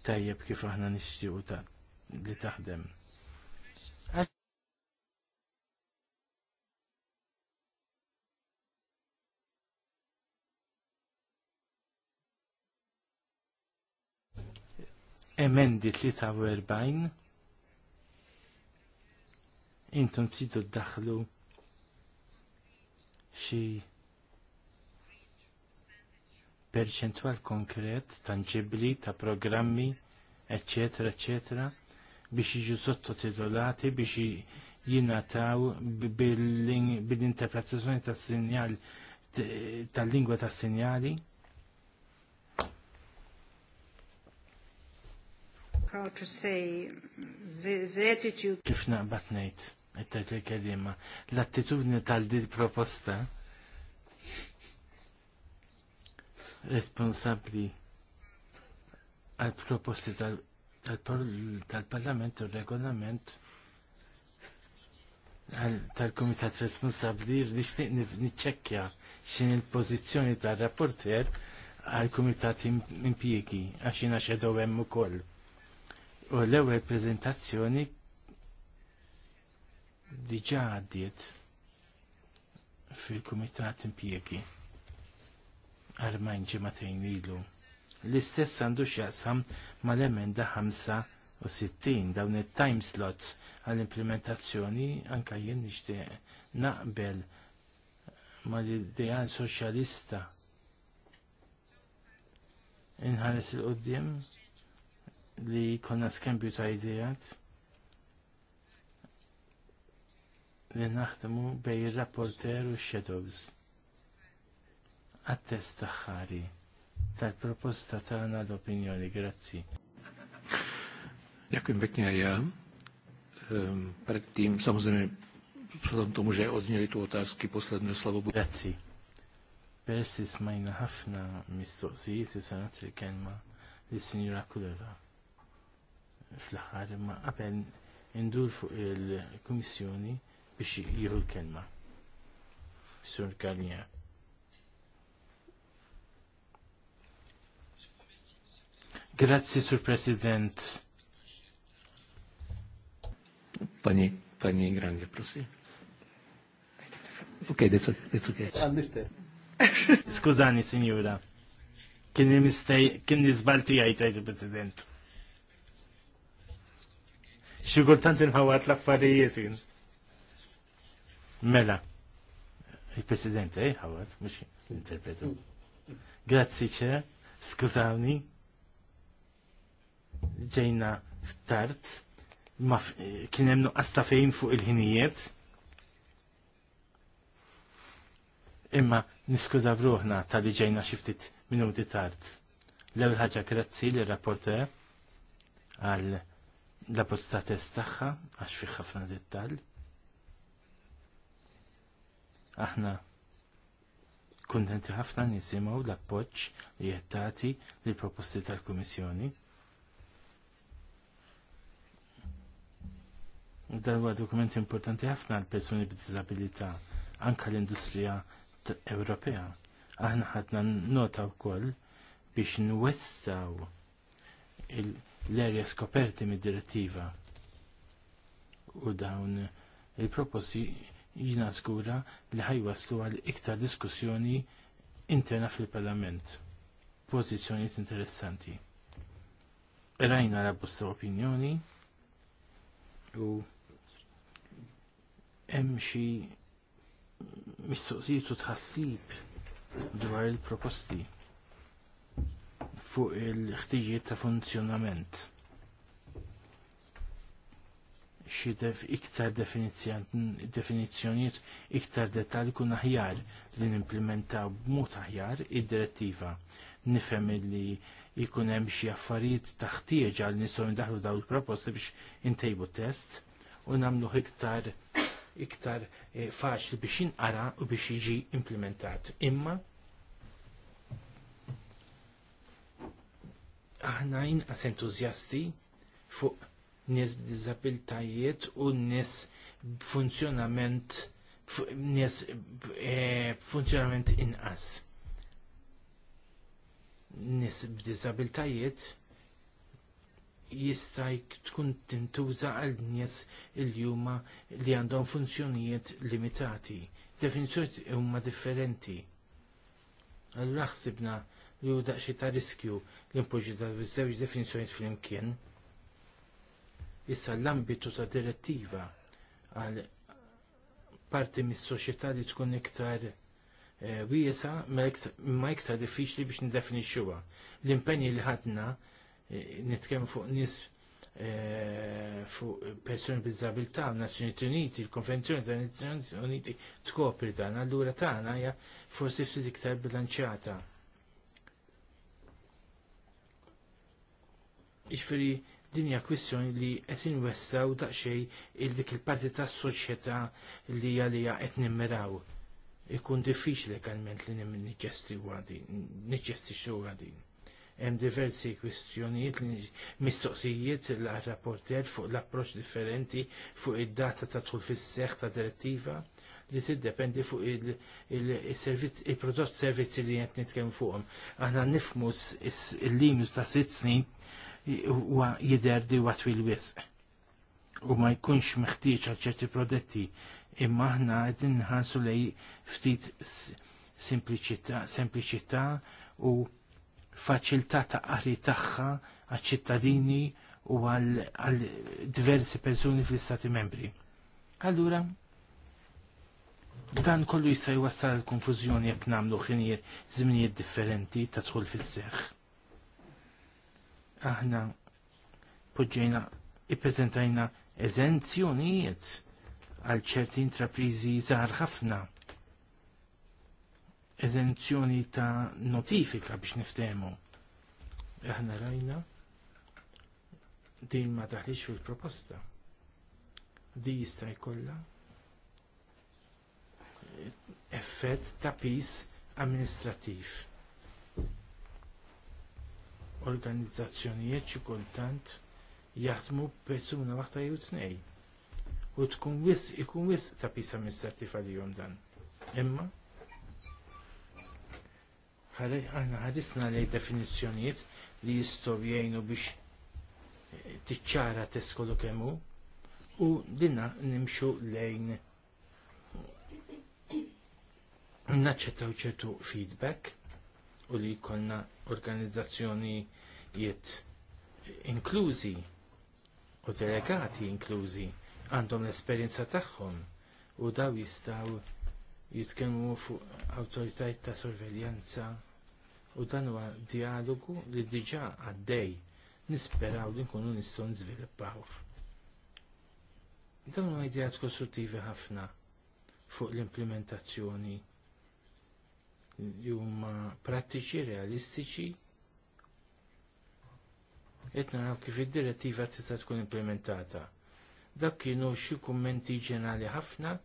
Tajjeb kif aħna nistiju ta li taħdem. emendi 43 intom tridu ddaħlu xi perċentwal konkret, tangibli, ta' programmi, eccetera, eccetera, biex jiġu sottotitolati, biex jinataw bil-interpretazzjoni bil tas sinjali tal-lingwa tas sinjali. How to say the, the attitude. Kif naqbat L-attitudni tal-dil proposta responsabli għal-proposti tal-parlament u regolament tal-komitat responsabli nixtieq niċċekkja xin il-pożizzjoni tal-rapporter għal-komitat impjiegi għaxina jiena hemm ukoll. U l-ewwel preżentazzjoni diġa għaddiet fil-Kumitat Impjegi għal-majn ġematejn ilu. L-istess għandu xjaqsam mal-emenda 65 dawn il-time slots għall-implementazzjoni anka jien nixtieq naqbel mal-ideal soċjalista inħares il-qoddim li konna skambju ta' idejat li naħdmu bej ir-rapporter u shadows Attest taħħari tal-proposta taħna l-opinjoni, grazzi. Jakim bekni għaja, ehm, predtim, samozrejme, przedtem tomu, muġe odznili tu otarski posledne slavu. Grazzi. Peress smajna ħafna mistoqsijiet sanat il-kelma li s sinjura Kuleva. Fl-ħar, ma qabel indur fuq il-Komissjoni biex jieħu l-kelma. Sur Kalnia. Grazzi, Sur President. Pani, pani grande, prosi. Ok, that's, that's ok. Skużani, signora. Kien mistej, kien nizbalti għajt President. Xikultant nħawat l-affarijiet jien. Mela, il-President, eh, ħawad, mux l-interpretu. Grazzi ċe, skużawni, ġejna ftart, ma kienem nuqqas ta' fejn fuq il-ħinijiet. Imma niskuża bruħna ta' li ġejna xiftit minuti tard. L-ewwel ħaġa grazzi l rapporter għal la posta test tagħha għax fih ħafna dettall Aħna kundenti ħafna nisimgħu l-appoġġ li qed tagħti lill proposti tal-Kummissjoni. Dan huwa dokument importanti ħafna għal persuni b'diżabilità anke l-industrija Ewropea. Aħna ħadna nota wkoll biex nwessaw l-erja skoperti mid-direttiva u dawn il-proposti jina skura li ħajwaslu għal iktar diskussjoni interna fil-parlament. Pozizjoniet interessanti. Rajna la bosta opinjoni u hemm xi tħassib dwar il-proposti fuq il-ħtiġijiet ta' funzjonament xi iktar definizzjonijiet iktar detal kun aħjar li nimplementaw b'mod aħjar id-direttiva. Nifhem li jkun hemm xi affarijiet taħtieġ għal nistgħu ndaħlu dawn il-proposti biex intejbu test u nagħmlu iktar iktar e, faċli biex inqara u biex jiġi implementat. Imma aħna inqas entużjasti fuq nies b'diżabiltajiet u nies b'funzjonament nis eh, b'funzjonament inqas. Nis b'diżabiltajiet jista' tkun tintuża għal nies il huma li għandhom funzjonijiet limitati. Definizzjoni huma differenti. Allura ħsibna li hu daqsxi ta' riskju li impoġġi żewġ fl flimkien Issa l-ambitu ta' direttiva għal parti mis-soċjetà li tkun iktar eh, wiesa ma iktar diffiċli biex nidefinixxuha. L-impenji li ħadna eh, nitkellmu fuq nies eh, fuq persuni b'izabilità Nazzjoni Uniti, il-Konvenzjoni ta' Nazzjoni Uniti tkopri dan, allura tagħna hija forsi ftit iktar bilanċjata. Iġifieri din hija kwistjoni li qed inwessaw daqsxejn il dik il-parti tas-soċjetà li għalija qed nimmiraw. Ikun diffiċli legalment li niġġestri għadin, niġġestri xu għadin. Hemm diversi kwistjonijiet li mistoqsijiet l-rapporter fuq l-approċċ differenti fuq id-data ta' tul fis-seħħ ta' direttiva li tiddependi fuq il-prodott servizzi li qed nitkellem fuqhom. Aħna nifmu il-limitu ta' sitt snin huwa jidher wa twil wisq u ma jkunx meħtieġ għal ċerti prodetti imma aħna qegħdin inħarsu lej ftit sempliċità u faċilità ta' qari tagħha għaċ-ċittadini u għal diversi persuni fl-istati membri. Allura, dan kollu jista' jwassal l konfużjoni jekk nagħmlu ħinijiet żminijiet differenti ta' tħul fis-seħħ aħna poġġejna i-prezentajna eżenzjonijiet għal ċerti intraprizi żgħar ħafna. Eżenzjoni ta' notifika biex niftemu. Aħna rajna din ma taħlix fil-proposta. Di jista' jkollha effett ta' pis amministrativ organizzazzjonijiet xi kultant jaħdmu persuna waħda jew tnej. U tkun wis ikun wis ta' pisa mis-sertif għalihom dan. Imma aħna ħarisna lej definizzjonijiet li jistgħu jgħinu biex eh, tiċċara teskolu kemm hu u dinna nimxu lejn naċċettaw ċertu feedback u li jkollna organizzazzjonijiet inklużi u delegati inklużi għandhom l-esperjenza tagħhom u daw jistgħu jitkellmu fuq awtoritajiet ta' sorveljanza u dan huwa dialogu li diġà għaddej nisperaw li nkunu nistgħu nżviluppawh. Dawn huma idea kostruttivi ħafna fuq l-implementazzjoni huma prattiċi, realistiċi. Qed naraw kif id-direttiva tista' tkun implementata. Dak kienu xi kummenti ġenerali ħafna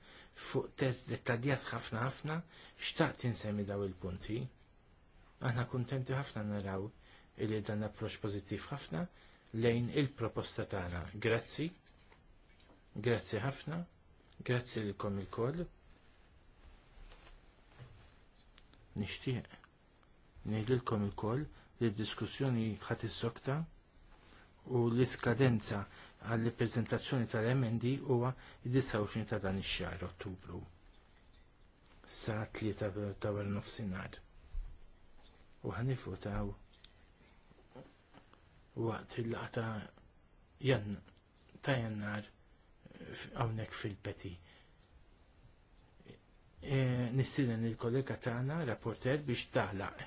fuq test dettaljat ħafna ħafna xtaqt insemmi daw il-punti. Aħna kuntenti ħafna naraw illi dan l-approċċ pożittiv ħafna lejn il-proposta tagħna. Grazzi. Grazzi ħafna. Grazzi lilkom il-koll. Nixtieq ngħidilkom ilkoll li d-diskussjoni ħadd is-sokta u l-iskadenza għall prezentazzjoni tal mnd huwa id-29 ta' dan ix-xahar Ottubru sa' tlieta ta' wara nofsinhar. U ħanifutaw waqt il-laqta ta' jannar hawnhekk fil-peti. E, nistilen il-kollega tagħna, rapporter, biex taħlaq.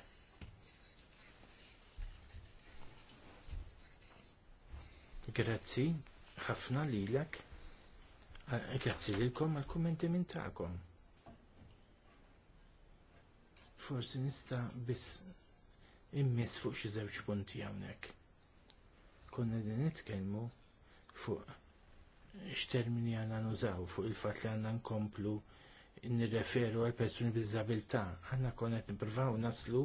Grazzi, ħafna lilek. Grazzi lilkom għal kummenti minn tagħkom. Forsi nista' biss immis fuq xi żewġ punti hawnhekk. Konna din nitkellmu fuq x'termini għandna nużaw fuq il-fatt li għandna nkomplu nirreferu għal persuni b'izabilità, aħna konet nippruvaw naslu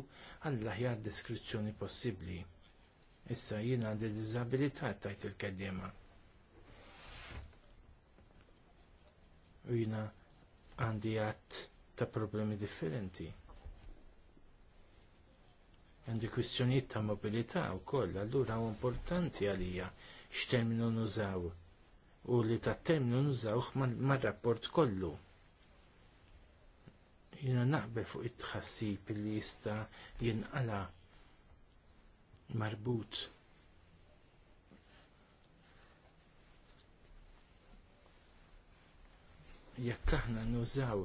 għal l-aħjar deskrizzjoni possibbli. Issa jien għandi diżabilità tajt il-keddiema. U jiena għandi għat ta' problemi differenti. Għandi kwistjonijiet ta' mobilità wkoll, allura huwa importanti għalija x'terminu nużaw u li ta' terminu nużawh mar-rapport kollu jina naqbel fuq it-tħassib li jista jinqala marbut jekk aħna nużaw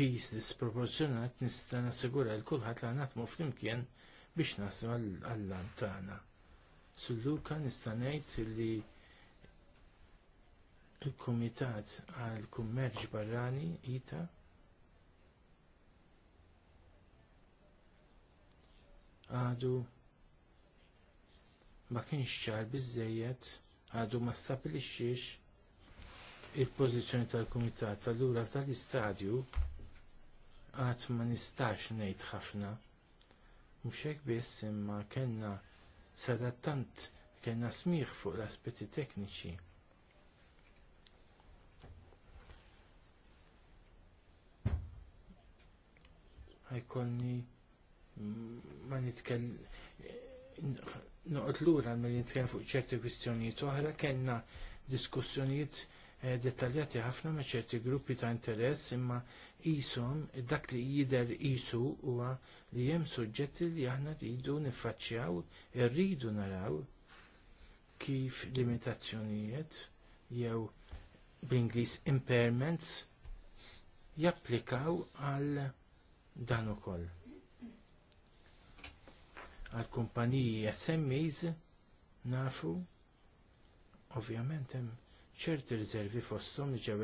pis disproporzjonat nista' nassigura l kulħadd li naħdmu flimkien biex naslu għall-lan tagħna. Sulluka nista' ngħid li l-Kumitat għall kummerġ Barrani ITA għadu ma kienx ċar biżżejjed għadu ma stabilixxiex il-pożizzjoni tal-Kumitat allura f'dan l-istadju għad ma nistax ngħid ħafna. Mhux hekk biss imma kellna sadattant kellna smigħ fuq l-aspetti tekniċi. Ħajkolni ma nitken l lura milli nitken fuq ċerti kwistjonijiet oħra kellna diskussjonijiet eh, dettaljati ħafna ma' ċerti gruppi ta' interess imma qishom dak li jidher jisu huwa li hemm suġġetti li aħna rridu niffaċċjaw, irridu naraw kif limitazzjonijiet jew bl-Ingliż impairments japplikaw għal dan ukoll għal kumpaniji SMEs nafu ovvjament hemm ċerti riservi fosthom li ġew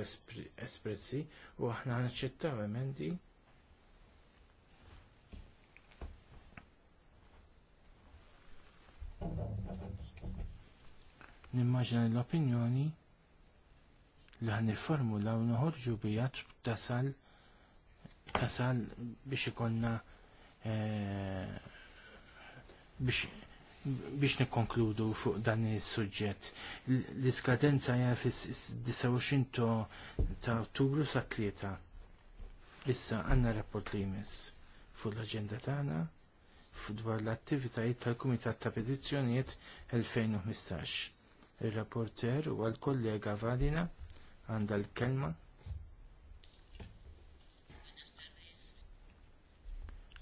espressi u aħna naċċettaw emendi Nimmaġna l-opinjoni li ħan niformula u noħorġu bija tasal tasal biex ikonna eh, biex nikkonkludu fuq dan is-suġġett. L-iskadenza hija fis-29 ta' Ottubru sa' tlieta. Issa għandna rapport li jmiss fuq l-aġenda tagħna dwar l-attivitajiet tal-Kumitat ta' Petizzjonijiet 2015. Ir-rapporter u għal-kollega Valina għandha l-kelma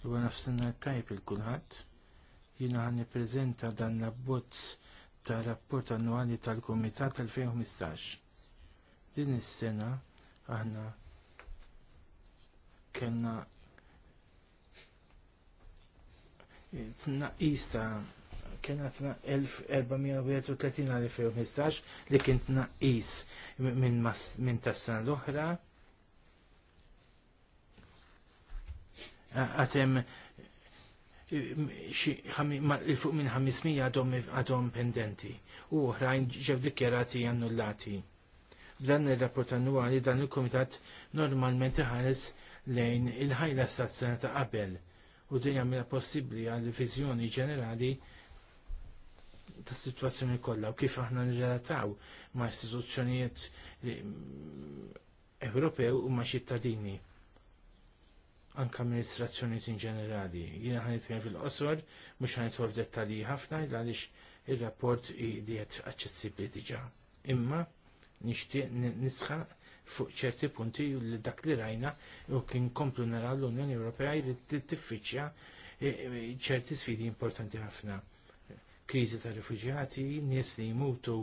U għana tajb il-kulħat. Jina għan prezenta dan l-abbozz ta' rapport annuali tal-Komitat 2015. Din is-sena aħna kellna tnaqqis ta' kena 1431 għal 2015 li kien tnaqqis minn tas-sena l-oħra. Għatem il-fuq minn 500 għadhom pendenti u oħrajn ġew dikjerati annullati. B'dan ir-rapport annwali dan il-Kumitat normalment iħares lejn il-ħajla stazzjoni ta' qabel u din jagħmilha possibbli għal viżjoni ġenerali ta' situazzjoni kollha u kif aħna nirrelataw ma' istituzzjonijiet Ewropew u ma' ċittadini anka amministrazzjoni in ġenerali. Jiena ħanitkellem fil-qosor, mhux ħanitħol f'dettalji ħafna għaliex ir-rapport li qed aċċessibbli diġà. Imma nixtieq nisħaq fuq ċerti punti li dak li rajna u kien komplu nara l-Unjoni Ewropea li tiffiċċja e, e, ċerti sfidi importanti ħafna. Kriżi ta' rifuġjati, nies li jmutu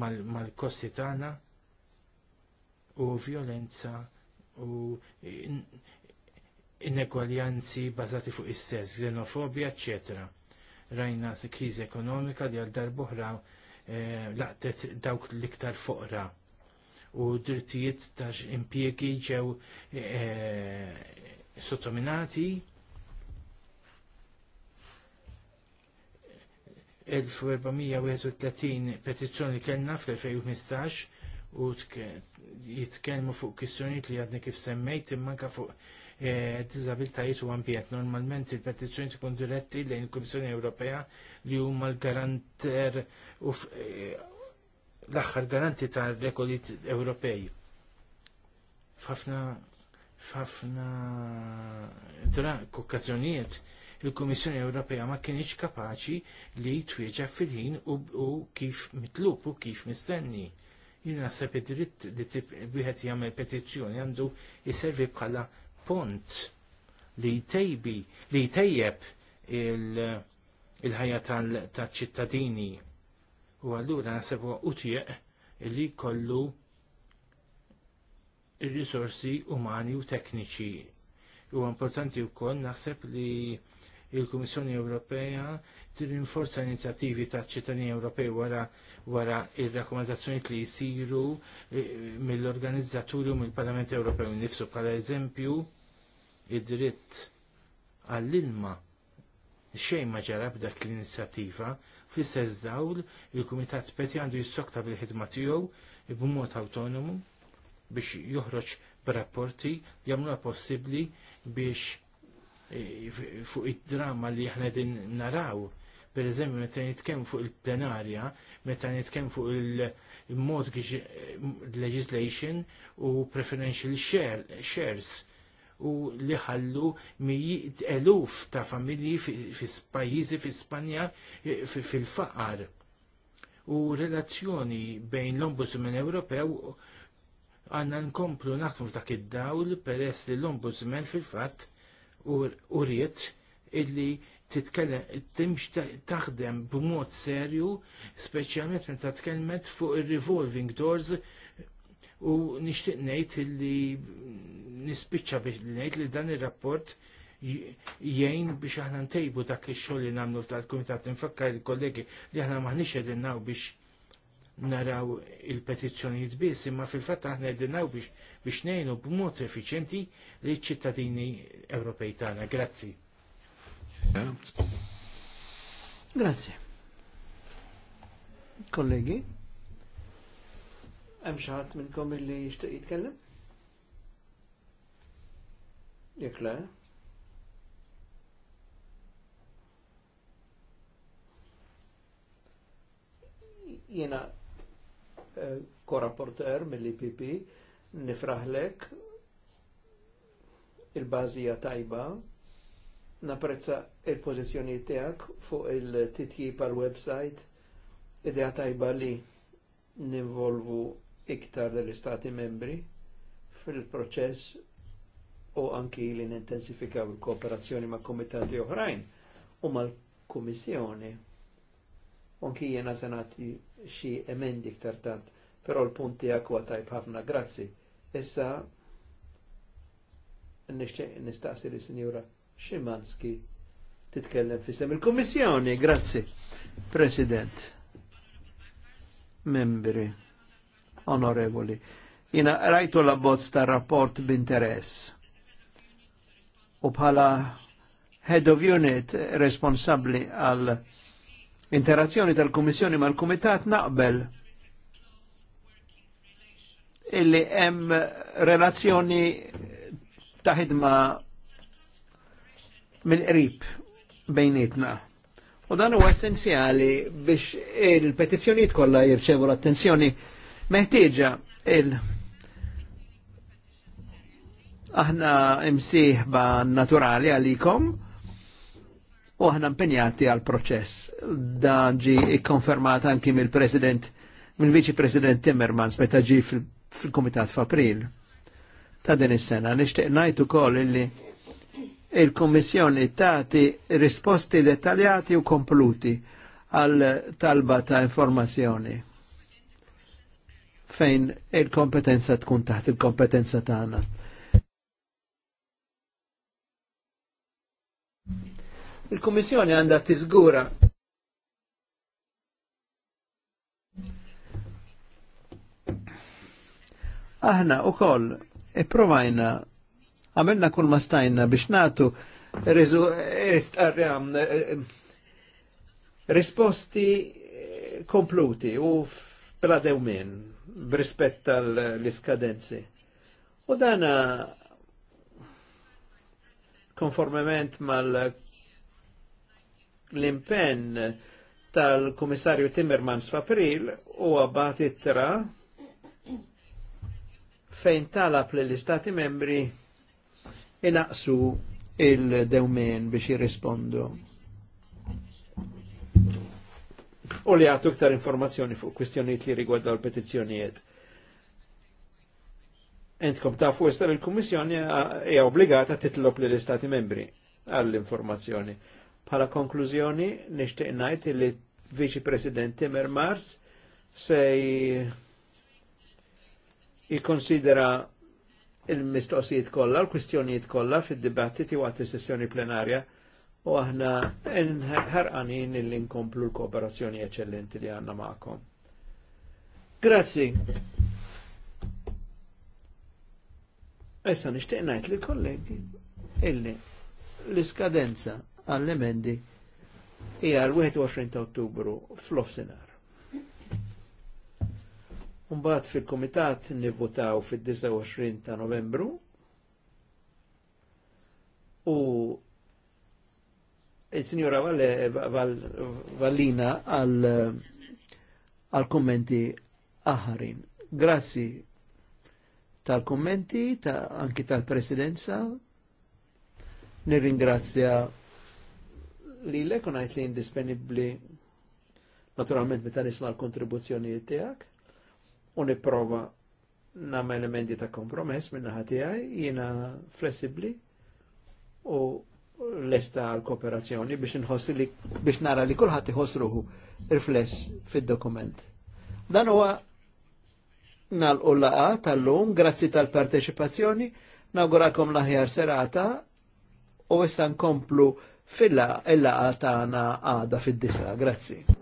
mal-kosti tagħna u violenza u e, inegwaljanzi bazati fuq is-sess, xenofobja, ecc. Rajna kriżi ekonomika li għal darbohra eh, laqtet dawk l-iktar foqra u drittijiet ta' impjegi ġew eh, sottominati. il 431 petizzjoni kellna fl-2015 u jitkellmu fuq kwistjonijiet li għadni kif semmejt imma anke fuq E, diżabiltajiet u ambjent. Normalment il-petizzjoni tkun diretti lejn il-Kummissjoni Ewropea li huma l-garanter u e, l-aħħar garanti tal rekolit Ewropej. F'ħafna f'afna drak okkażjonijiet il-Kummissjoni Ewropea ma kienx kapaċi li twieġa fil-ħin u kif mitlub u kif mistenni. Jien naħseb id-dritt li wieħed jagħmel petizzjoni għandu jservi bħala punt li tejbi li tejjeb il-ħajja il tal-ċittadini u għallura nasebu utje li kollu il-risorsi umani u tekniċi. U importanti wkoll naħseb li il-Kummissjoni Ewropea l inizjattivi ta' ċittadini Ewropej wara wara il rakkomandazzjoni li jsiru eh, mill-organizzaturi u mill-Parlament Ewropew nifsu bħala eżempju id-dritt għall-ilma xejn ma ġara b'dak l-inizjattiva fl-istess dawl il-Kumitat Peti għandu jissokta bil-ħidma tiegħu b'mod awtonomu biex joħroġ b'rapporti li jagħmluha possibbli biex e, fuq id-drama li aħna din naraw per meta nitkellem fuq il-plenarja, meta nitkellem fuq il-mortgage legislation u preferential shares u li ħallu mijiet eluf ta' familji fis-pajjiżi fi Spanja eh, fil-faqar. U relazzjoni bejn l-Ombudsman Ewropew għanna nkomplu naħtmu f'dak id-dawl peress li l-Ombudsman fil-fatt u riet illi titkellem timx taħdem b'mod serju, speċjalment meta tkellmet fuq ir-revolving doors u nixtieq ngħid li nispiċċa biex li ngħid li dan ir-rapport jgħin biex aħna ntejbu dak il-xol li nagħmlu tal-kumitat nfakkar il-kollegi li aħna maħniex qegħdin biex naraw il-petizzjonijiet biss, imma fil-fatt aħna qegħdin biex biex ngħinu b'mod effiċenti li ċ-ċittadini Ewropej tagħna. Grazzi. Grazzi. Kollegi. Hemm xi ħadd minnkom illi jixtieq jitkellem? Jekk le. Jiena eh, korrapporter mill-IPP nifraħlek il-bażija tajba naprezza il-pożizzjoni tiegħek fuq il-titjib għal-website idea tajba li nivolvu iktar dell-Istati membri fil-proċess u anki li nintensifikaw il-kooperazzjoni ma' komitati oħrajn u mal-Kummissjoni. Unki jena senati xi emendi iktar tant, però l-punti akwa tajb ħafna grazzi. Issa nistaqsi li sinjura Szymanski titkellem fissem il kummissjoni grazzi. President, membri onorevoli. Jina rajtu la bozz ta' rapport b'interess. U bħala head of unit responsabli għal interazzjoni tal-Kummissjoni mal-Kumitat naqbel illi hemm relazzjoni ta' ħidma mill-qrib bejnietna. U dan huwa essenzjali biex il-petizzjonijiet kollha jirċevu l-attenzjoni Meħtieġa il- aħna imsieħba naturali għalikom u aħna impenjati għal proċess. Dan ġi ikkonfermat anki mill-President, mill-Viċi President Timmermans meta ġi fil-Komitat f'April ta' din is-sena. Nixtieq ngħid ukoll illi il kummissjoni tagħti risposti dettaljati u kompluti għal talba ta' informazzjoni fejn il-kompetenza tkun taħt il-kompetenza tagħna. Il-Kummissjoni għandha tiżgura Aħna u koll ipprovajna għamilna kull ma stajna biex natu risposti kompluti u bla dewmin brispett tal-iskadenzi. U dana konformement mal l-impenn tal-Komissarju Timmermans f'April u għabat it-tra fejn talab li l-Istati membri inaqsu il-dewmen biex jirrispondu u li għattu iktar informazzjoni fuq kwistjonijiet li rigwardaw l-petizzjonijiet. Entkom fuq issa il-Kummissjoni eh, hija obbligata titlob lill istati membri għall-informazzjoni. Bħala konklużjoni nixtieq ngħid li Viċi President Mars se jikkonsidera il-mistoqsijiet kollha, l-kwistjonijiet kollha fid-dibattiti waqt is-sessjoni plenarja u aħna ħarqanin illi nkomplu l-kooperazzjoni eccellenti li għanna maqom. Grazzi. Issa nixtieq ngħid li kollegi illi l-iskadenza għall-emendi hija l-21 ta' Ottubru fl ofsinar Mbagħad fil-Kumitat nivvutaw fid-29 ta' Novembru u il Signora Vallina għal-kommenti aħarin. Grazzi tal-kommenti, ta anki tal-presidenza. Nirringrazzja li l-ekonajt li indisponibli naturalment meta nisma l-kontribuzzjoni tiegħek u nipprova nagħmel elementi ta' kompromess minn naħa tiegħi jiena flessibbli u l-esta l-kooperazzjoni biex nħossi li biex nara li kulħadd iħoss ruħu rifless fid-dokument. Dan huwa nalqu laqa tal-lum, grazzi tal-parteċipazzjoni, nawgurakom l-aħjar serata u issa nkomplu fil-laqa tagħna għada fid-disa. Grazzi.